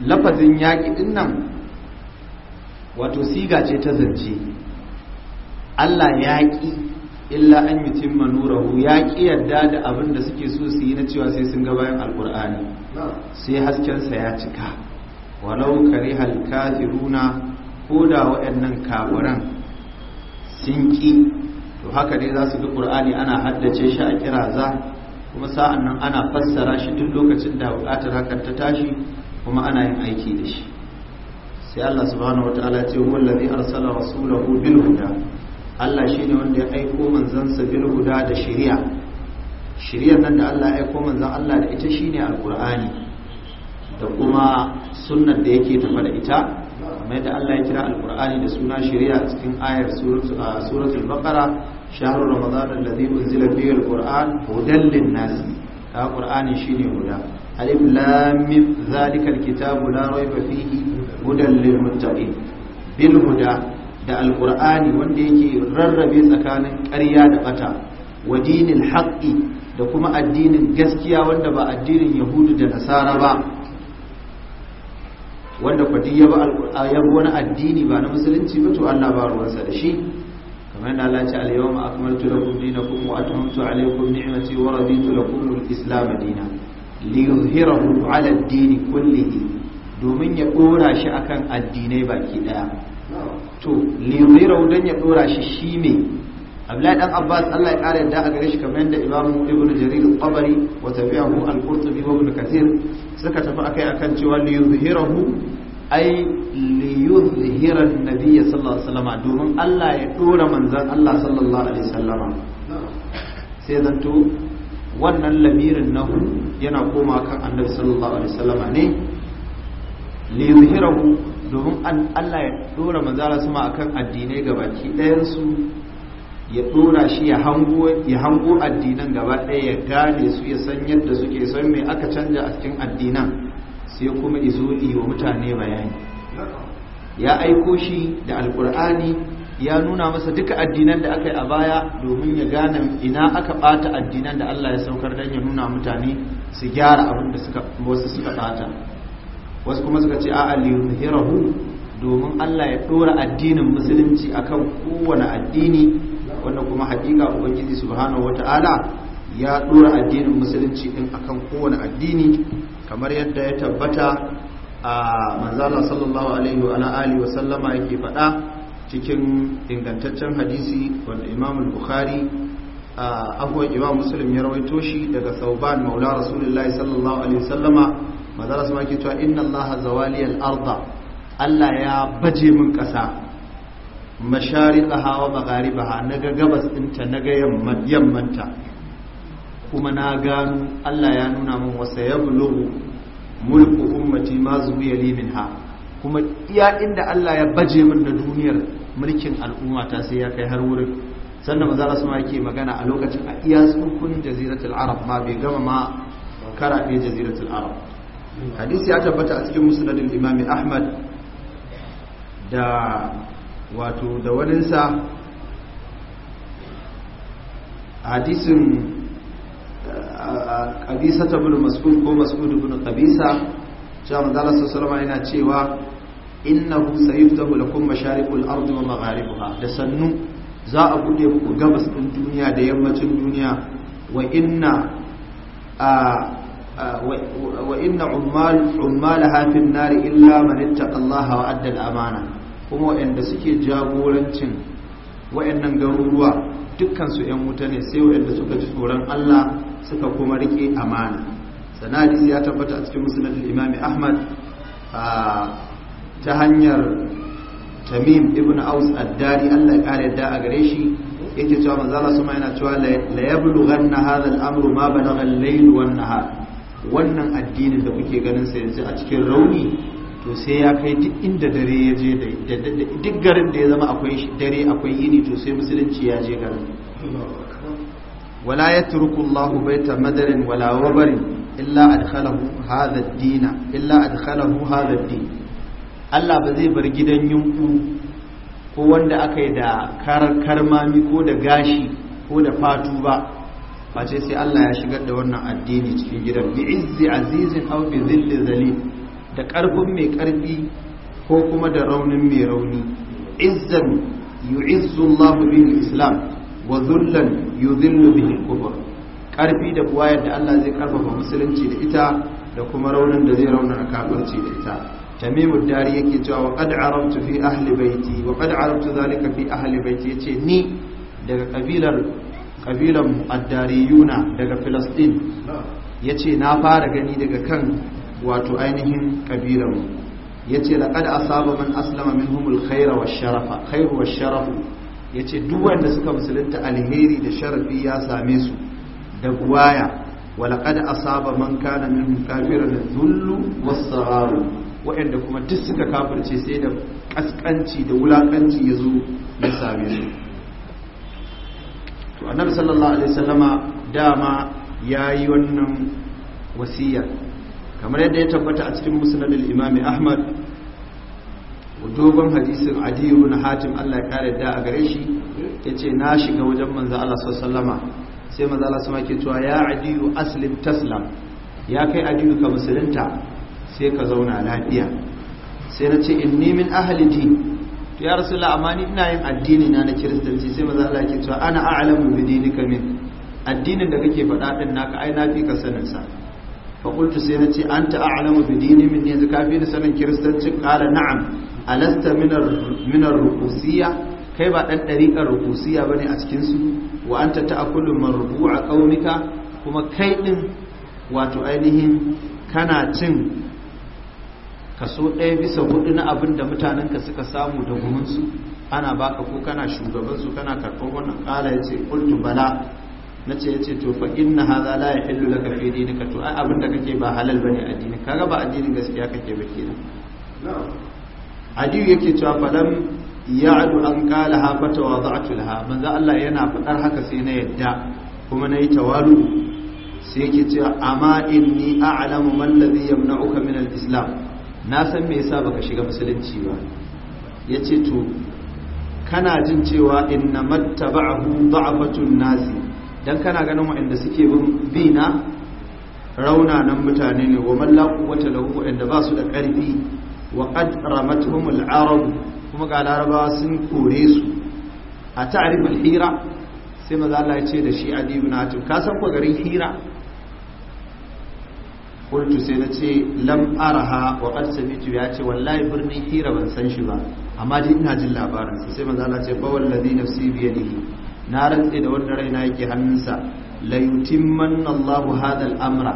lafazin yaƙi ɗin nan wato siga ce ta zance allah yaƙi illa an yi cimma nurahu ya yadda da abin da suke so su yi na cewa sai sun ga bayan alkur'ani sai haskensa ya cika walau kare halkafiruna ko da waɗannan kaburan sun ƙi to haka dai za su ga ƙur'ani ana haddace shi a za kuma sa'an nan ana fassara shi duk lokacin da buƙatar hakan ta tashi kuma ana yin aiki da shi sai Allah subhanahu wataala ya ce huwa allazi arsala rasulahu bil huda Allah shine wanda ya aiko manzansa bil huda da shari'a shari'ar nan da Allah ya aiko manzan Allah da ita shine alqur'ani da kuma sunnar da yake tafa da ita kamar yadda Allah ya kira alqur'ani da suna shari'a cikin ayar suratul baqara shahru ramadan allazi unzila fihi alqur'an hudan lin-nas ka qur'ani shine guda. alif lam mim zalikal kitabu la raiba fihi hudan lil muttaqin bil huda da alqur'ani wanda yake rarrabe tsakanin ƙarya da bata wa dinil haqqi da kuma addinin gaskiya wanda ba addinin yahudu da nasara ba wanda kwadi ya ba wani addini ba na musulunci ba to Allah ba ruwansa da shi kamar yadda Allah ce al-yawma akmaltu lakum dinakum wa atmamtu alaykum ni'mati wa raditu lakum al-islam dinan liyuhirahu ala dini kullihi domin ya dora shi akan addinai baki daya to liyuhirahu dan ya dora shi shi ne Abdullahi dan Abbas Allah ya kare yadda a gare shi kamar yadda Imam Ibn Jarir al-Tabari wa tabi'ahu al-Qurtubi wa Ibn Kathir suka tafi akai akan cewa liyuhirahu ay liyuzhira an-nabiy sallallahu alaihi wasallam domin Allah ya dora manzon Allah sallallahu alaihi wasallam sai zanto wannan lamirin nahu yana koma kan annabi sallallahu alaihi wasallama ne li yuhirahu domin Allah ya dora manzara sama akan addinai gabaki ɗayan su ya dora shi ya hango ya hango addinan gaba ɗaya ya gane su ya san yadda suke san me aka canja a cikin addinan sai kuma izo wa mutane bayani ya aiko shi da alkur'ani ya nuna masa duka addinan da aka yi a baya domin ya gane ina aka bata addinan da Allah ya saukar dan ya nuna mutane su gyara abin da suka wasu suka bata wasu kuma suka ce a'a li domin Allah ya dora addinin musulunci akan kowane addini wanda kuma hakika ubangiji subhanahu wata'ala ya dora addinin musulunci din akan kowane addini kamar yadda ya tabbata a manzala sallallahu alaihi wa alihi wa sallama yake faɗa cikin ingantaccen hadisi wanda imam bukhari a afuwan imam muslim ya rawaito shi daga sauban maula rasulullahi sallallahu alaihi wasallama madara su maki cewa inna allaha zawali al-arda allah ya baje min kasa mashariqaha wa magharibaha naga gabas dinta ga yammanta kuma na gano allah ya nuna min wasa yablughu mulku ummati ma zuwiya li minha kuma iya inda Allah ya baje min da duniyar mulkin al'umma ta sai ya kai har wurin sannan maza rasu ma yake magana a lokacin a iya tsukun jaziratul arab ma bai gama ma karaɗe jaziratul arab hadisi ya tabbata a cikin musnadin imam ahmad da wato da waninsa hadisin kabisa uh, ta bin mas'ud ko mas'ud bin kabisa cewa da sallama na cewa innahu sayuftahu lakum masharikul ardi wa magharibuha da sannu za a bude muku gabas din duniya da yammacin duniya wa inna wa inna ummal ummalaha nar illa man ittaqallaha wa adda al-amana kuma wanda suke jagorancin wayannan garuruwa dukkan su wuta ne sai wayanda suka ji tsoron Allah suka kuma rike amana sanadi ya tabbata a cikin musnad al-imam Ahmad ta hanyar tamim ibn aus addari allah ya kare da a gare shi yake cewa manzo Allah sama yana cewa la yablughanna hadha al-amru ma balagha al-layl nahar wannan addinin da kuke ganin sa yanzu a cikin rauni to sai ya kai duk inda dare ya je da duk garin da ya zama akwai dare akwai yini to sai musulunci ya je garin wala yatruku Allahu baita madarin wala wabarin illa adkhalahu hadha ad-din illa adkhalahu hadha ad-din Allah ba zai bar gidan yunku ko wanda aka yi da karkar mami ko da gashi ko da fatu ba face sai Allah ya shigar da wannan addini cikin gidan bi izzi azizin aw bi zilli zalil da karfin mai karfi ko kuma da raunin mai rauni izzan yu'izzu Allah bil islam wa dhullan yudhillu bihi kufr karfi da buwayar da Allah zai karfafa musulunci da ita da kuma raunin da zai rauna kafirci da ita tamimu dari yake cewa wa qad arabtu fi ahli baiti wa qad arabtu zalika fi ahli baiti yace ni daga kabilar kabilan addariyuna daga filastin yace na fara gani daga kan wato ainihin kabilan yace laqad asaba man aslama minhum alkhayra washarafa khayru washarafu yace duk wanda suka musulunta alheri da sharafi ya same su da buwaya ولقد أصاب من كان منهم كافرا الذل والصغار waɗanda kuma duk suka kafirce sai da ƙasƙanci da wulaƙanci ya zo ya same su to annabi sallallahu alaihi wasallama dama ya yi wannan wasiya kamar yadda ya tabbata a cikin musnad al'imami Ahmad, ahmad dogon hadisin adiyu na hatim Allah ya kare da a gare shi ya ce na shiga wajen manzo Allah sallama sai manzo Allah sama ke cewa ya adiyu aslim taslam ya kai adiyu ka musulunta sai ka zauna lafiya sai na ce in min ahli din to ya rasu la'amani ina yin addini na na kiristanci sai maza Allah yake cewa ana a'lamu bi dini min addinin da kake faɗa ɗin naka ai na fi ka sanin sa sai na ce anta a'lamu bi dini min yanzu ka fi ni sanin kiristanci ƙara na'am alasta lasta rukusiya kai ba ɗan ɗariƙar rukusiya ba ne a cikinsu? Wa an ta ta'akulun marubu a ƙaunuka? kuma kai ɗin wato ainihin kana cin kaso ɗaya bisa hudu na abin da mutanenka suka samu da guminsu ana baka ko kana shugabansu kana karɓar wannan ƙala ya ce ƙultu bala na ce ya ce to fa na haza la yahillu laka fi dinika to ai abin da kake ba halal bane addini kaga ba addinin gaskiya kake ba kenan adiyu yake cewa falam ya'du an qala ha fa tawada'tu laha manzo Allah yana faɗar haka sai na yadda kuma nayi tawalu sai yake cewa amma inni a'lamu man ladhi yamna'uka min al-islam na san me yasa baka shiga musulunci ba yace to kana jin cewa inna a da'afatun nasi dan kana ganin waanda suke bi na nan mutane ne wa mallaku wata da lahu inda ba su da karfi wa qad ramatuhum al-arab kuma ga larabawa sun kore su a ta'rif al-hira sai maza Allah ya ce da shi adibuna na ka san ko garin hira qultu sai na ce lam araha wa sami'tu ya ce wallahi birnin hira ban san shi ba amma dai ina jin labarin sa sai manzo ce fa wallazi nafsi biya yadihi na rantse da wannan raina yake hannunsa la yutimmanna Allahu hadha amra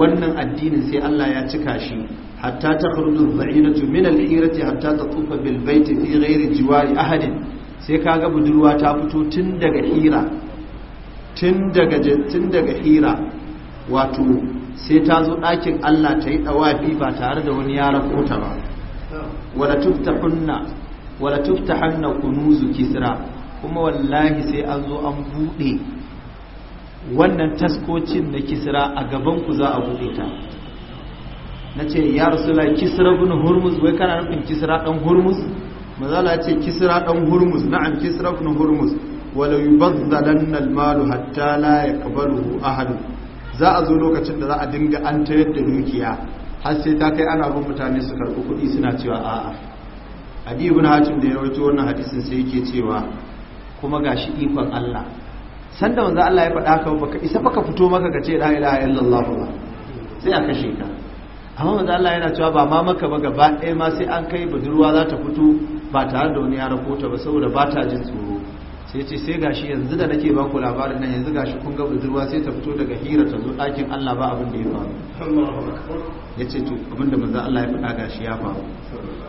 wannan addinin sai Allah ya cika shi hatta takhruju dha'inatu min al-hirati hatta tatufa bil bayti fi ghairi jiwari ahadin sai kaga budurwa ta fito tun daga hira tun daga tun daga hira wato sai ta zo ɗakin Allah ta yi ɗawafi ba tare da wani yara kota ba wala tufta wala kunuzu kisra kuma wallahi sai an zo an buɗe wannan taskocin na kisra a gaban ku za a buɗe ta na ce ya rasula kisra bin hurmus wai kana nufin kisra ɗan hurmus mazala ce kisra ɗan hurmus na'am kisra bin hurmus wala yubazzalanna al-malu hatta la yaqbaluhu ahadun za a zo lokacin da za a dinga an tayar da dukiya har sai ta kai ana bin mutane su karɓi kuɗi suna cewa a'a hadi ibn hajjin da ya rawaito wannan hadisin sai yake cewa kuma gashi ikon Allah sanda wanzu Allah ya faɗa ka baka isa baka fito maka ka ce la ilaha illallah ba sai a kashe amma wanzu Allah yana cewa ba ma maka ba gaba ɗaya ma sai an kai budurwa za ta fito ba tare da wani ya rakota ba saboda ba ta jin tsoro sai ce sai gashi yanzu da nake baku labarin nan yanzu gashi kun ga budurwa sai ta fito daga hira ta zo ɗakin Allah ba abin da ya faru ya ce to abin da manzo Allah ya faɗa gashi ya faru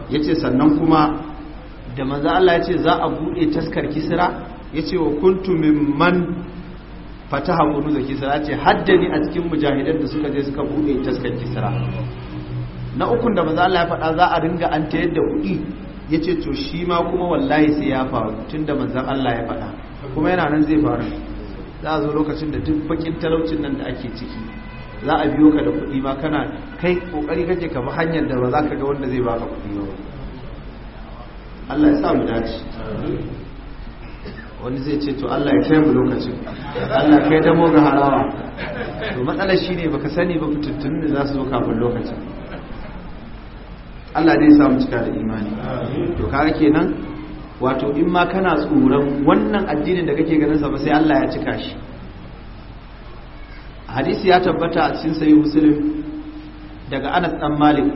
ya ce sannan kuma da manzo Allah ya ce za a buɗe taskar kisra ya ce wa kuntu min fata fataha da kisra ce haddani a cikin mujahidan da suka je suka buɗe taskar kisra na ukun da manzo Allah ya faɗa za a ringa an ta yadda kuɗi ya ce to shi ma kuma wallahi sai ya faru tun da manzan Allah ya faɗa kuma yana nan zai faru za a zo lokacin da duk bakin talaucin nan da ake ciki za a biyo ka da kuɗi ma kana kai ƙoƙari kake ka bi hanyar da ba za ka ga wanda zai baka kuɗi ba Allah ya sa mu dace wani zai ce to Allah ya kai mu lokacin Allah kai damo ga harawa to matsalar shine baka sani ba fitattun da za su zo kafin lokacin Allah zai samu cika da imani to kaga kenan wato in ma kana tsoron wannan addinin da kake ganin sa ba sai Allah ya cika shi hadisi ya tabbata a cikin sahih muslim daga Anas dan Malik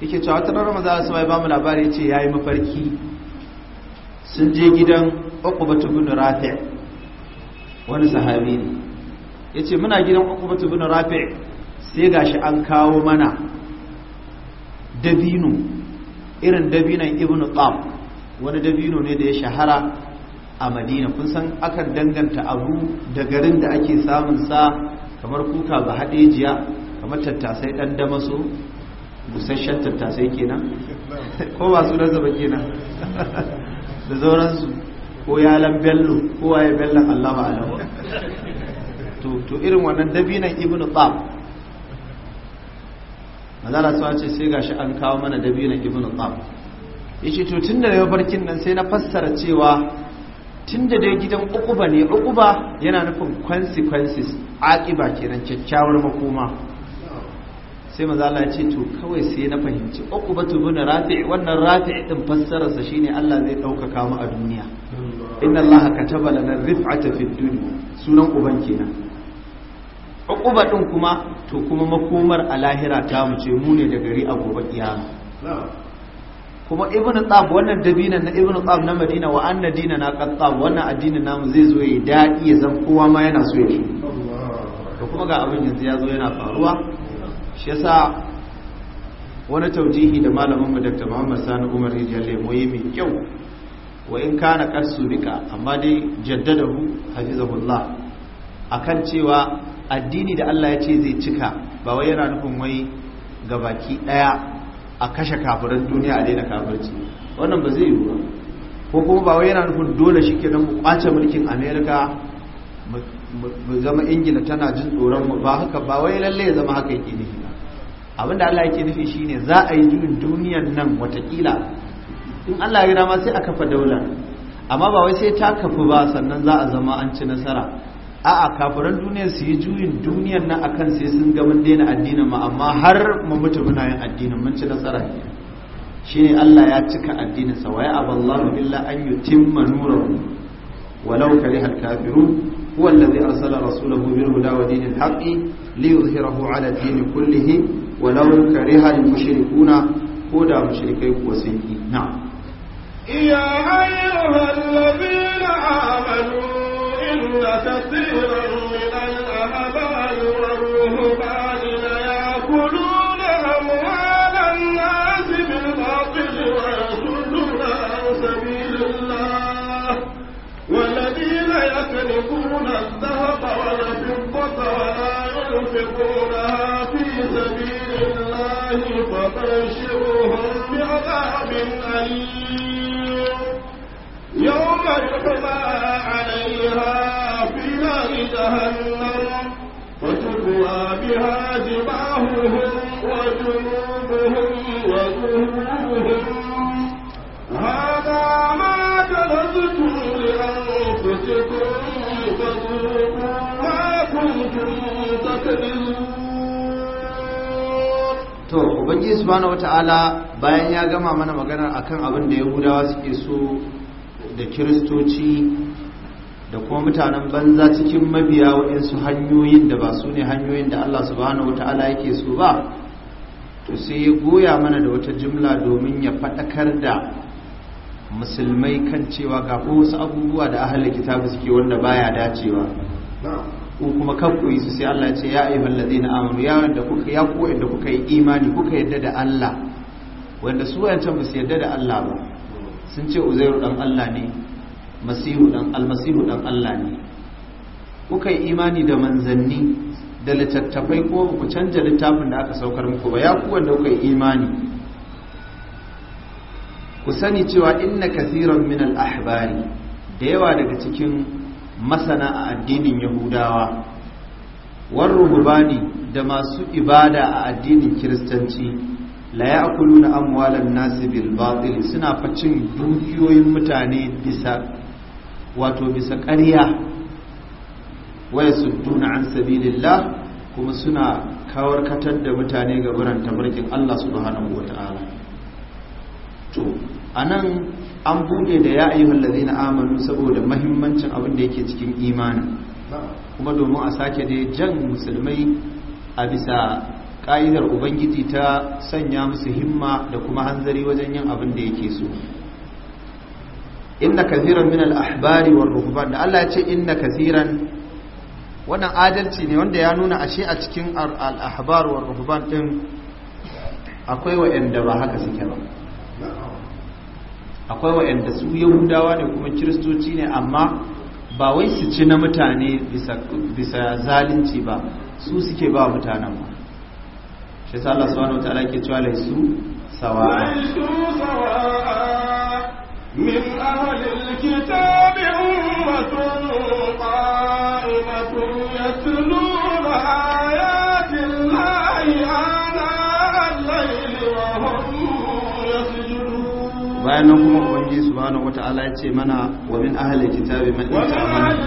yake cewa wata ranar maza su mai bamu labari ce yayi mafarki sun je gidan Uqba bin Rafi' wani sahabi ne yace muna gidan Uqba bin Rafi' sai gashi an kawo mana dabino irin dabinan ibn qam wani dabino ne da ya shahara a madina kun san akan danganta abu da garin da ake samun sa kamar kuka ba hadejiya kamar tattasai dan damaso busasshen tattasai kenan [laughs] ko ba su razaba kenan [laughs] da sauransu ko yalan bello ko waye bello Allah ba to to irin wannan dabinan ibn qam Mazala sun ce sai gashi an kawo mana dabinan ibnu qab yace to tunda da barkin nan sai na fassara cewa tunda da gidan uquba ne uquba yana nufin consequences akiba kenan kyakkyawar makoma sai mazala Allah ya ce to kawai sai na fahimci to bin rafi' wannan rafi' din fassarar sa shine Allah zai ɗaukaka mu a duniya inna Allah kataba lana rif'ata fid dunya sunan uban kenan uquba din kuma to kuma makomar a lahira ta mu ce mu ne da gari a gobe kiyama kuma ibnu tsab wannan dabinan na ibnu tsab na madina wa anna dinana na wannan addinin namu zai zo yayi dadi ya zan kowa ma yana so yake to kuma ga abin yanzu ya zo yana faruwa shi yasa wani taujihi da malamin mu Dr. Muhammad Sani Umar Rijalle mu yi mai kyau wa in kana karsu bika amma dai jaddadahu hafizahullah akan cewa addini da Allah ya ce zai cika ba wai yana nufin wai ga baki daya a kashe kafirin duniya a daina kafirci wannan ba zai yiwu ba ko kuma ba wai yana nufin dole shi ke mu kwace mulkin Amerika mu zama ingila tana jin tsoron mu ba haka ba wai lalle ya zama haka yake nufi ba da Allah yake nufi shine za a yi juyin duniyan nan watakila in Allah ya ma sai a kafa daular amma ba wai sai ta kafu ba sannan za a zama an ci nasara a'a kafiran duniyar su yi juyin duniyar nan akan sai sun gama daina addinin mu amma har mu mutu muna yin addinin mun ci nasara shine Allah ya cika addinin sa waya aballahu illa an yutimma nurahu walau kariha al-kafirun huwa alladhi arsala rasulahu bil huda wa dinil haqqi yuzhirahu ala din kullihi walau kariha al-mushrikuna ko da mushrikai ko sai yi na'am ayyuhal ladina amanu كثيرا من الأحبار والرهبان ليأكلون أموال الناس بالباطل ويصدون سبيل الله والذين يكنفون الذهب والفضة ولا ينفقونها في سبيل الله فبشرهم بعذاب أليم وحرم عليها في نار جهنم وتكوى بها جباههم وجنوبهم وظهورهم هذا ما كنزتم لأنفسكم فذوقوا ما كنتم تكذبون to ubangiji subhanahu wataala bayan ya gama mana maganar akan abin da yahudawa suke so da kiristoci da kuma mutanen banza cikin mabiya waɗansu hanyoyin da ba su ne hanyoyin da Allah subhanahu wata'ala yake so ba to sai ya goya mana da wata jimla domin ya faɗakar da musulmai kan cewa ga wasu abubuwa da ahalin kitabu suke wanda baya dacewa ko kuma kan ku yi su sai Allah ya ce ya ayyuhal ladina amanu ya wanda kuka ya ku wanda kuka yi imani kuka yadda da Allah wanda su wayancan ba su yadda da Allah ba sun ce uzairu dan Allah ne masihu dan almasihu dan Allah ne kuka yi imani da manzanni da littattafai ko ku canja littafin da aka saukar muku ba ya ku wanda kuka yi imani ku sani cewa inna kathiran min al-ahbari da yawa daga cikin masana a addinin yahudawa war da masu ibada a addinin kiristanci la na amwalan nasi bil batil suna facin dukiyoyin mutane bisa wato bisa ƙarya waya duna an sabilillah kuma suna kawar katar da mutane ga baranta tabarkin Allah subhanahu wata'ala to anan an bude da ya ayyuhal ladina amanu saboda muhimmancin abin da yake cikin imani kuma domin a sake dai jan musulmai a bisa ƙa'idar ubangiji ta sanya musu himma da kuma hanzari wajen yin abin da yake so inna kathiran min al-ahbari war ruhban da Allah ya ce inna kathiran wannan adalci ne wanda ya nuna ashe a cikin al-ahbar war ruhban din akwai wa'anda ba haka suke ba akwai wa'anda su yahudawa ne kuma kiristoci ne amma ba wai su ci na mutane bisa zalunci ba su suke ba mutanen ba shi sa Allah subhanahu wataala yake cewa laisu sawa laisu sawa min ummatun qa'imatun yatluna ayati llahi ana al-layli wa hum yasjudun bayan kuma ubangiji subhanahu wataala ya ce mana wa min ahli alkitab man yata'amanu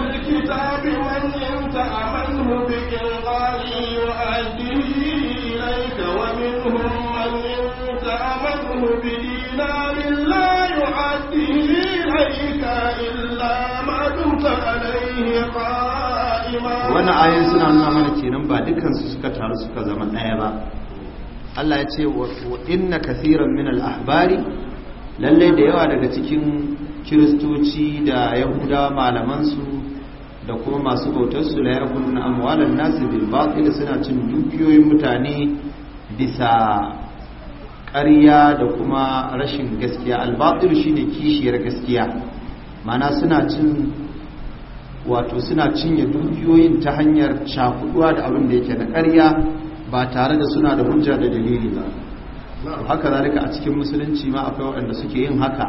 wannan ayoyin suna nuna mana kenan ba dukansu suka taru suka zama ɗaya ba Allah ya ce wa inna kathiran min al-ahbari lalle da yawa daga cikin kiristoci da yahuda malaman su da kuma masu bautar su la yakuluna amwalan nas bil batil suna cin dukiyoyin mutane bisa ƙarya da kuma rashin gaskiya al-batil shine kishiyar gaskiya mana suna cin wato suna cinye dukiyoyin ta hanyar shakuɗuwa da abin da yake na ƙarya ba tare da suna da hujja da dalili ba haka zalika a cikin musulunci ma akwai waɗanda suke yin haka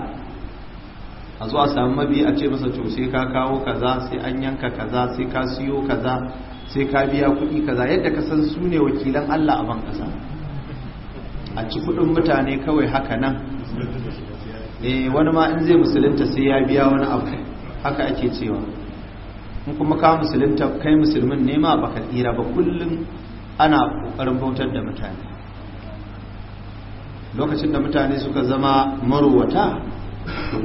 a zuwa samu mabi a ce masa to sai ka kawo kaza sai an yanka kaza sai ka siyo kaza sai ka biya kuɗi kaza yadda ka san su ne wakilan Allah a ban ƙasa a ci kuɗin mutane kawai haka nan eh, wani ma in zai musulunta sai ya biya wani abu haka ake cewa in kuma ka musulunta kai musulmin ne ma baka tsira ba kullum ana ƙoƙarin bautar da mutane lokacin da mutane suka zama marowata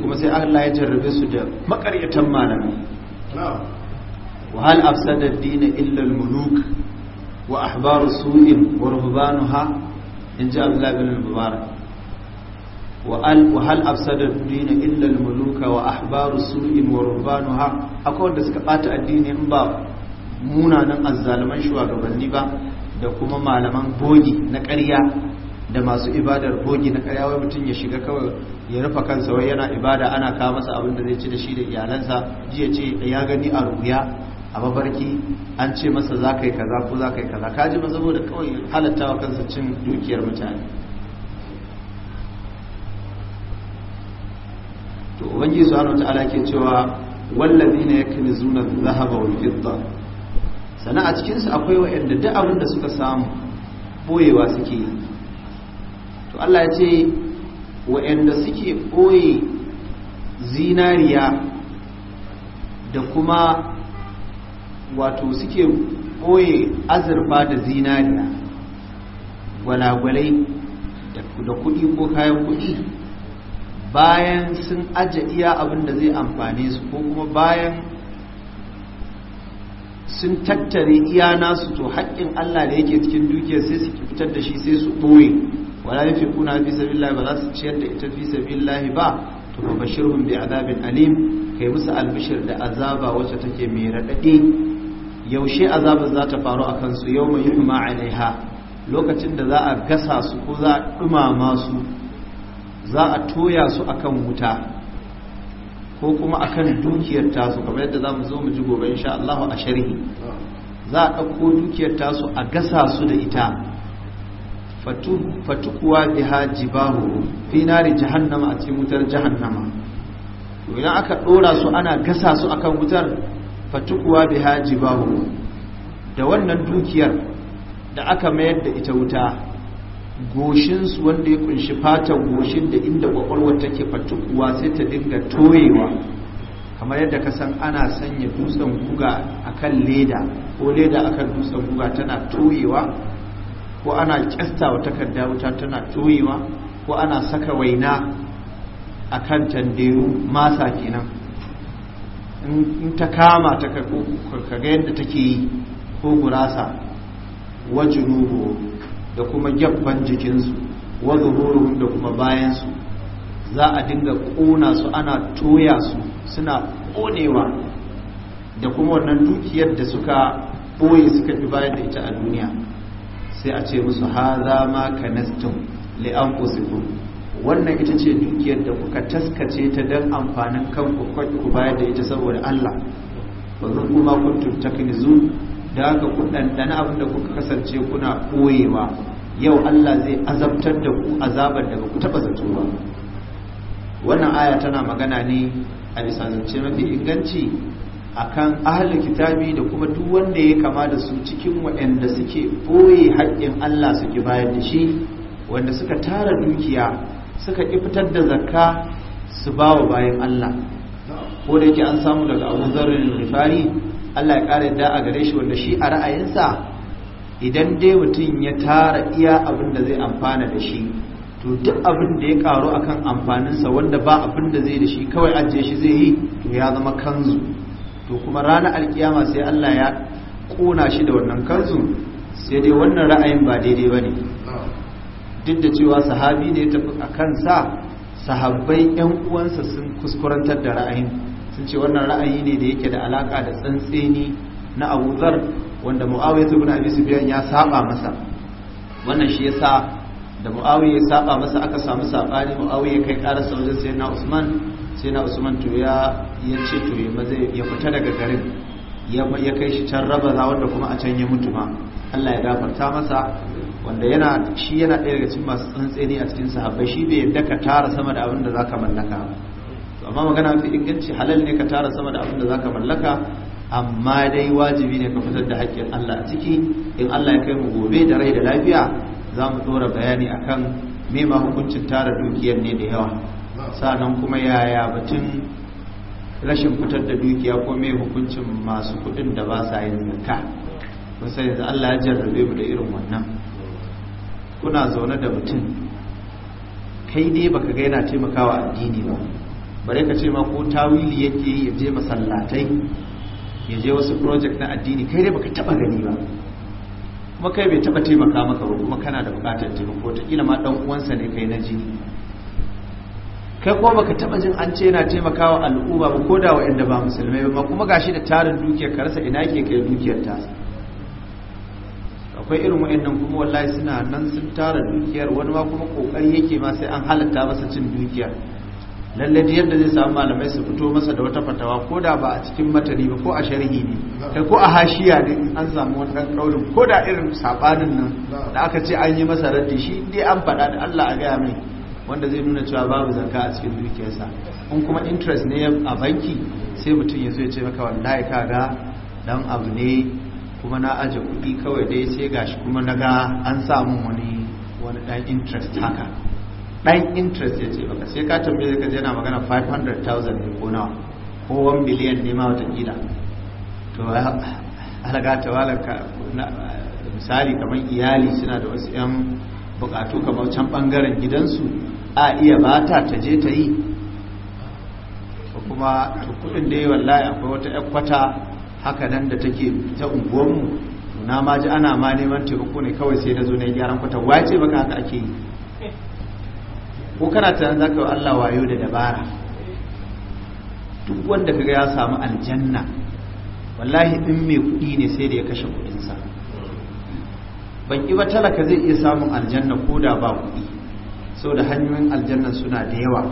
kuma sai Allah ya jarrabe su da makaryatan malami Wahal hal afsada ad-din illa al-muluk wa ahbaru su'in wa ha in ji Allah bin mubarak wahal afsadar dina illal muluka wa ahbaru su'in wa rubanuha akwai wanda suka bata addini in ba munanan azzaluman shugabanni ba da kuma malaman bogi na ƙarya da masu ibadar bogi na ƙarya wai mutum ya shiga kawai ya rufa kansa wai yana ibada ana kawo masa abin da zai ci da shi da iyalansa jiya ce ya gani a ruya a mafarki an ce masa za ka yi kaza ko za ka yi kaza ka ji ba saboda kawai halatta wa kansa cin dukiyar mutane to ubangiji subhanahu wataala yake cewa wallazina yaknizuna adh-dhahaba wal fidda sana a cikin su akwai wa'anda duk abin da suka samu boyewa suke yi to Allah ya ce wa'anda suke boye zinariya da kuma wato suke boye azurfa da zinariya gwalagwalai da kuɗi ko kayan kuɗi bayan sun aje iya abin da zai amfane su ko kuma bayan sun tattare iya nasu to haƙƙin Allah da yake cikin dukiyar sai su fitar da shi sai su ɓoye wala fi kuna fi lahi ba za su ciyar da ita fi lahi ba to babashirhum bi azabin alim kai musu albishir da azaba wacce take mai raɗaɗe yaushe azabin za ta faru a kansu yau mai kuma lokacin da za a gasa su ko za a ɗumama su za a toya su akan wuta ko kuma akan dukiyar tasu kamar yadda za mu zo mu ji gobe insha Allah a sharhi za a ɗauko dukiyar tasu a gasa su da ita fatukuwa biha jibahu fi nari jahannama a cikin wutar jahannama idan aka ɗora su ana gasa su akan wutar fatukuwa biha jibahu da wannan dukiyar da aka mayar da ita wuta goshinsu wanda ya kunshi fatan goshin da inda kwakwalwar take fatukuwa sai ta dinga toyewa kamar yadda ka san ana sanya dutsen guga akan leda ko leda akan dutsen guga tana toyewa ko ana kyasta wa takarda wuta tana toyewa ko ana saka waina akan tanderu masa kenan in ta kama ta kaga yadda take yi ko gurasa wajen ruhu da kuma gyaffan jikinsu wanda zuhuruhum da kuma bayansu za a dinga ƙona su ana toya su suna ƙonewa da kuma wannan dukiyar da suka boye suka fi bayar da ita a duniya sai a ce musu haza ma kanastum li anfusikum wannan ita ce dukiyar da kuka taskace ta don amfanin kanku ku bayar da ita saboda Allah ba zan kuma kuntun takinizu da haka ku dandana abin da kuka kasance kuna koyewa yau Allah zai azabtar da ku azabar daga ku taɓa zato ba wannan aya tana magana ne a bisa zance mafi inganci akan ahalin kitabi da kuma duk wanda ya kama da su cikin waɗanda suke boye haƙƙin Allah suke bayar da shi wanda suka tara dukiya suka ƙi fitar da zakka su bawa bayan Allah ko da yake an samu daga abu zarrin ghifari Allah ya ƙara yadda a gare shi wanda shi a ra'ayinsa idan dai mutum ya tara iya abin da zai amfana da shi to duk abin da ya karu akan amfaninsa wanda ba abin da zai da shi kawai ajiye shi zai yi to ya zama kanzu to kuma ranar alkiyama sai Allah ya kona shi da wannan kanzu sai dai wannan ra'ayin ba daidai ba ne duk da cewa sahabi ne ya tafi a kansa sahabbai 'yan uwansa sun kuskurantar da ra'ayin sun ce wannan ra'ayi ne da yake da alaka da tsantseni na Abu zar wanda Muawiya ibn su biyan ya saba masa wannan shi yasa da mu'awiyar ya saba masa aka samu sabani mu'awiyar kai karasa wajen na Usman na Usman to ya ce to ya maza ya fita daga garin ya kai shi can raba za wanda kuma a can ya mutu ma Allah ya gafarta masa wanda yana shi yana ɗaya daga cikin masu tsantseni a cikin sahabbai shi bai yadda ka tara sama da abin da za ka mallaka amma magana fi inganci halal ne ka tara sama da abin da zaka mallaka amma dai wajibi ne ka fitar da haƙƙin Allah a ciki in Allah ya kai mu gobe da rai da lafiya za mu ɗora bayani akan me ma hukuncin tara dukiyar ne da yawa sannan kuma yaya batun rashin fitar da dukiya ko me hukuncin masu kuɗin da ba sa yin zakka mun sai yanzu Allah ya jarrabe mu da irin wannan kuna zaune da mutum kai dai baka ga yana taimakawa addini ba bare ka ce ma ko tawili yake yi ya je masallatai ya je wasu project na addini kai dai baka taba gani ba kuma kai bai taba taimaka maka ba kuma kana da bukatar taimako ta kila ma dan uwansa ne kai na jini kai ko baka taba jin an ce yana taimakawa al'umma ba ko da waɗanda ba musulmai ba kuma gashi da tarin dukiyar ka rasa ina yake kai dukiyar ta akwai irin wa'annan kuma wallahi suna nan sun tara dukiyar wani ma kuma kokari yake ma sai an halatta masa cin dukiyar lalle yadda zai samu malamai su fito masa da wata fatawa ko da ba a cikin matani ba ko a sharhi ne ta ko a hashiya ne an samu wani ɗan ƙaurin ko da irin saɓanin nan da aka ce an yi masa raddi shi dai an faɗa da Allah a gaya mai wanda zai nuna cewa babu zakka a cikin dukiyarsa in kuma interest ne a banki sai mutum ya zo ya ce maka wallahi ga dan abu ne kuma na aje kuɗi kawai dai sai gashi kuma na ga, an samu wani wani dan interest haka ɗan interest ya ce baka sai ka tambaye ka yana magana 500,000 ne ko nawa ko 1 billion ne ma watakila to halaga ta walaka misali kamar iyali suna da wasu 'yan bukatu kamar can bangaren gidansu a iya bata ta je ta yi kuma kudin da ya wallahi akwai wata yakwata haka nan da take ta unguwarmu na ma ji ana ma neman taimako ne kawai sai na zo na gyaran kwata wace baka haka ake yi ko kana tunanin za ka yi Allah wayo da dabara duk wanda kaga ya samu aljanna wallahi in mai kuɗi ne sai da ya kashe kuɗinsa ban ƙi ba talaka zai iya samun aljanna ko da ba kuɗi da hanyoyin aljanna suna da yawa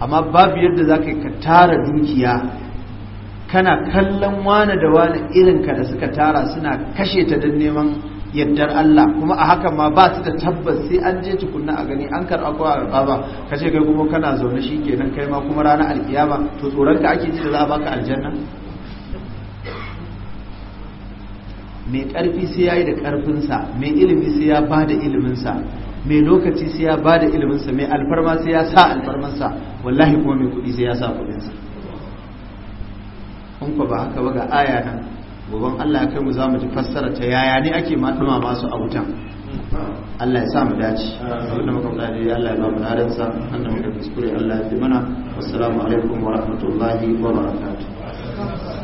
amma babu yadda za ka tara dukiya kana kallon wane da wane irinka da suka tara suna kashe ta don neman yardar Allah kuma a hakan ma ba su da tabbas sai an je tukunna a gani an karɓa ko a ba ka ce kai kuma kana zaune shi kenan kai ma kuma ranar alkiyama to tsoron ka ake ji da za a baka aljanna mai ƙarfi sai ya yi da ƙarfinsa mai ilimi sai ya ba da iliminsa mai lokaci sai ya ba da iliminsa mai alfarma sai ya sa alfarmansa wallahi kuma mai kuɗi sai ya sa kuɗinsa kun ba haka ba ga aya nan goban Allah ya kai mu za mu ji fassara ta yaya ne ake ma masu a wutan Allah ya sa mu dace abinda muka faɗa da Allah ya ba mu ladan sa annabi muka kuskure Allah ya bi mana assalamu alaikum wa rahmatullahi wa barakatuh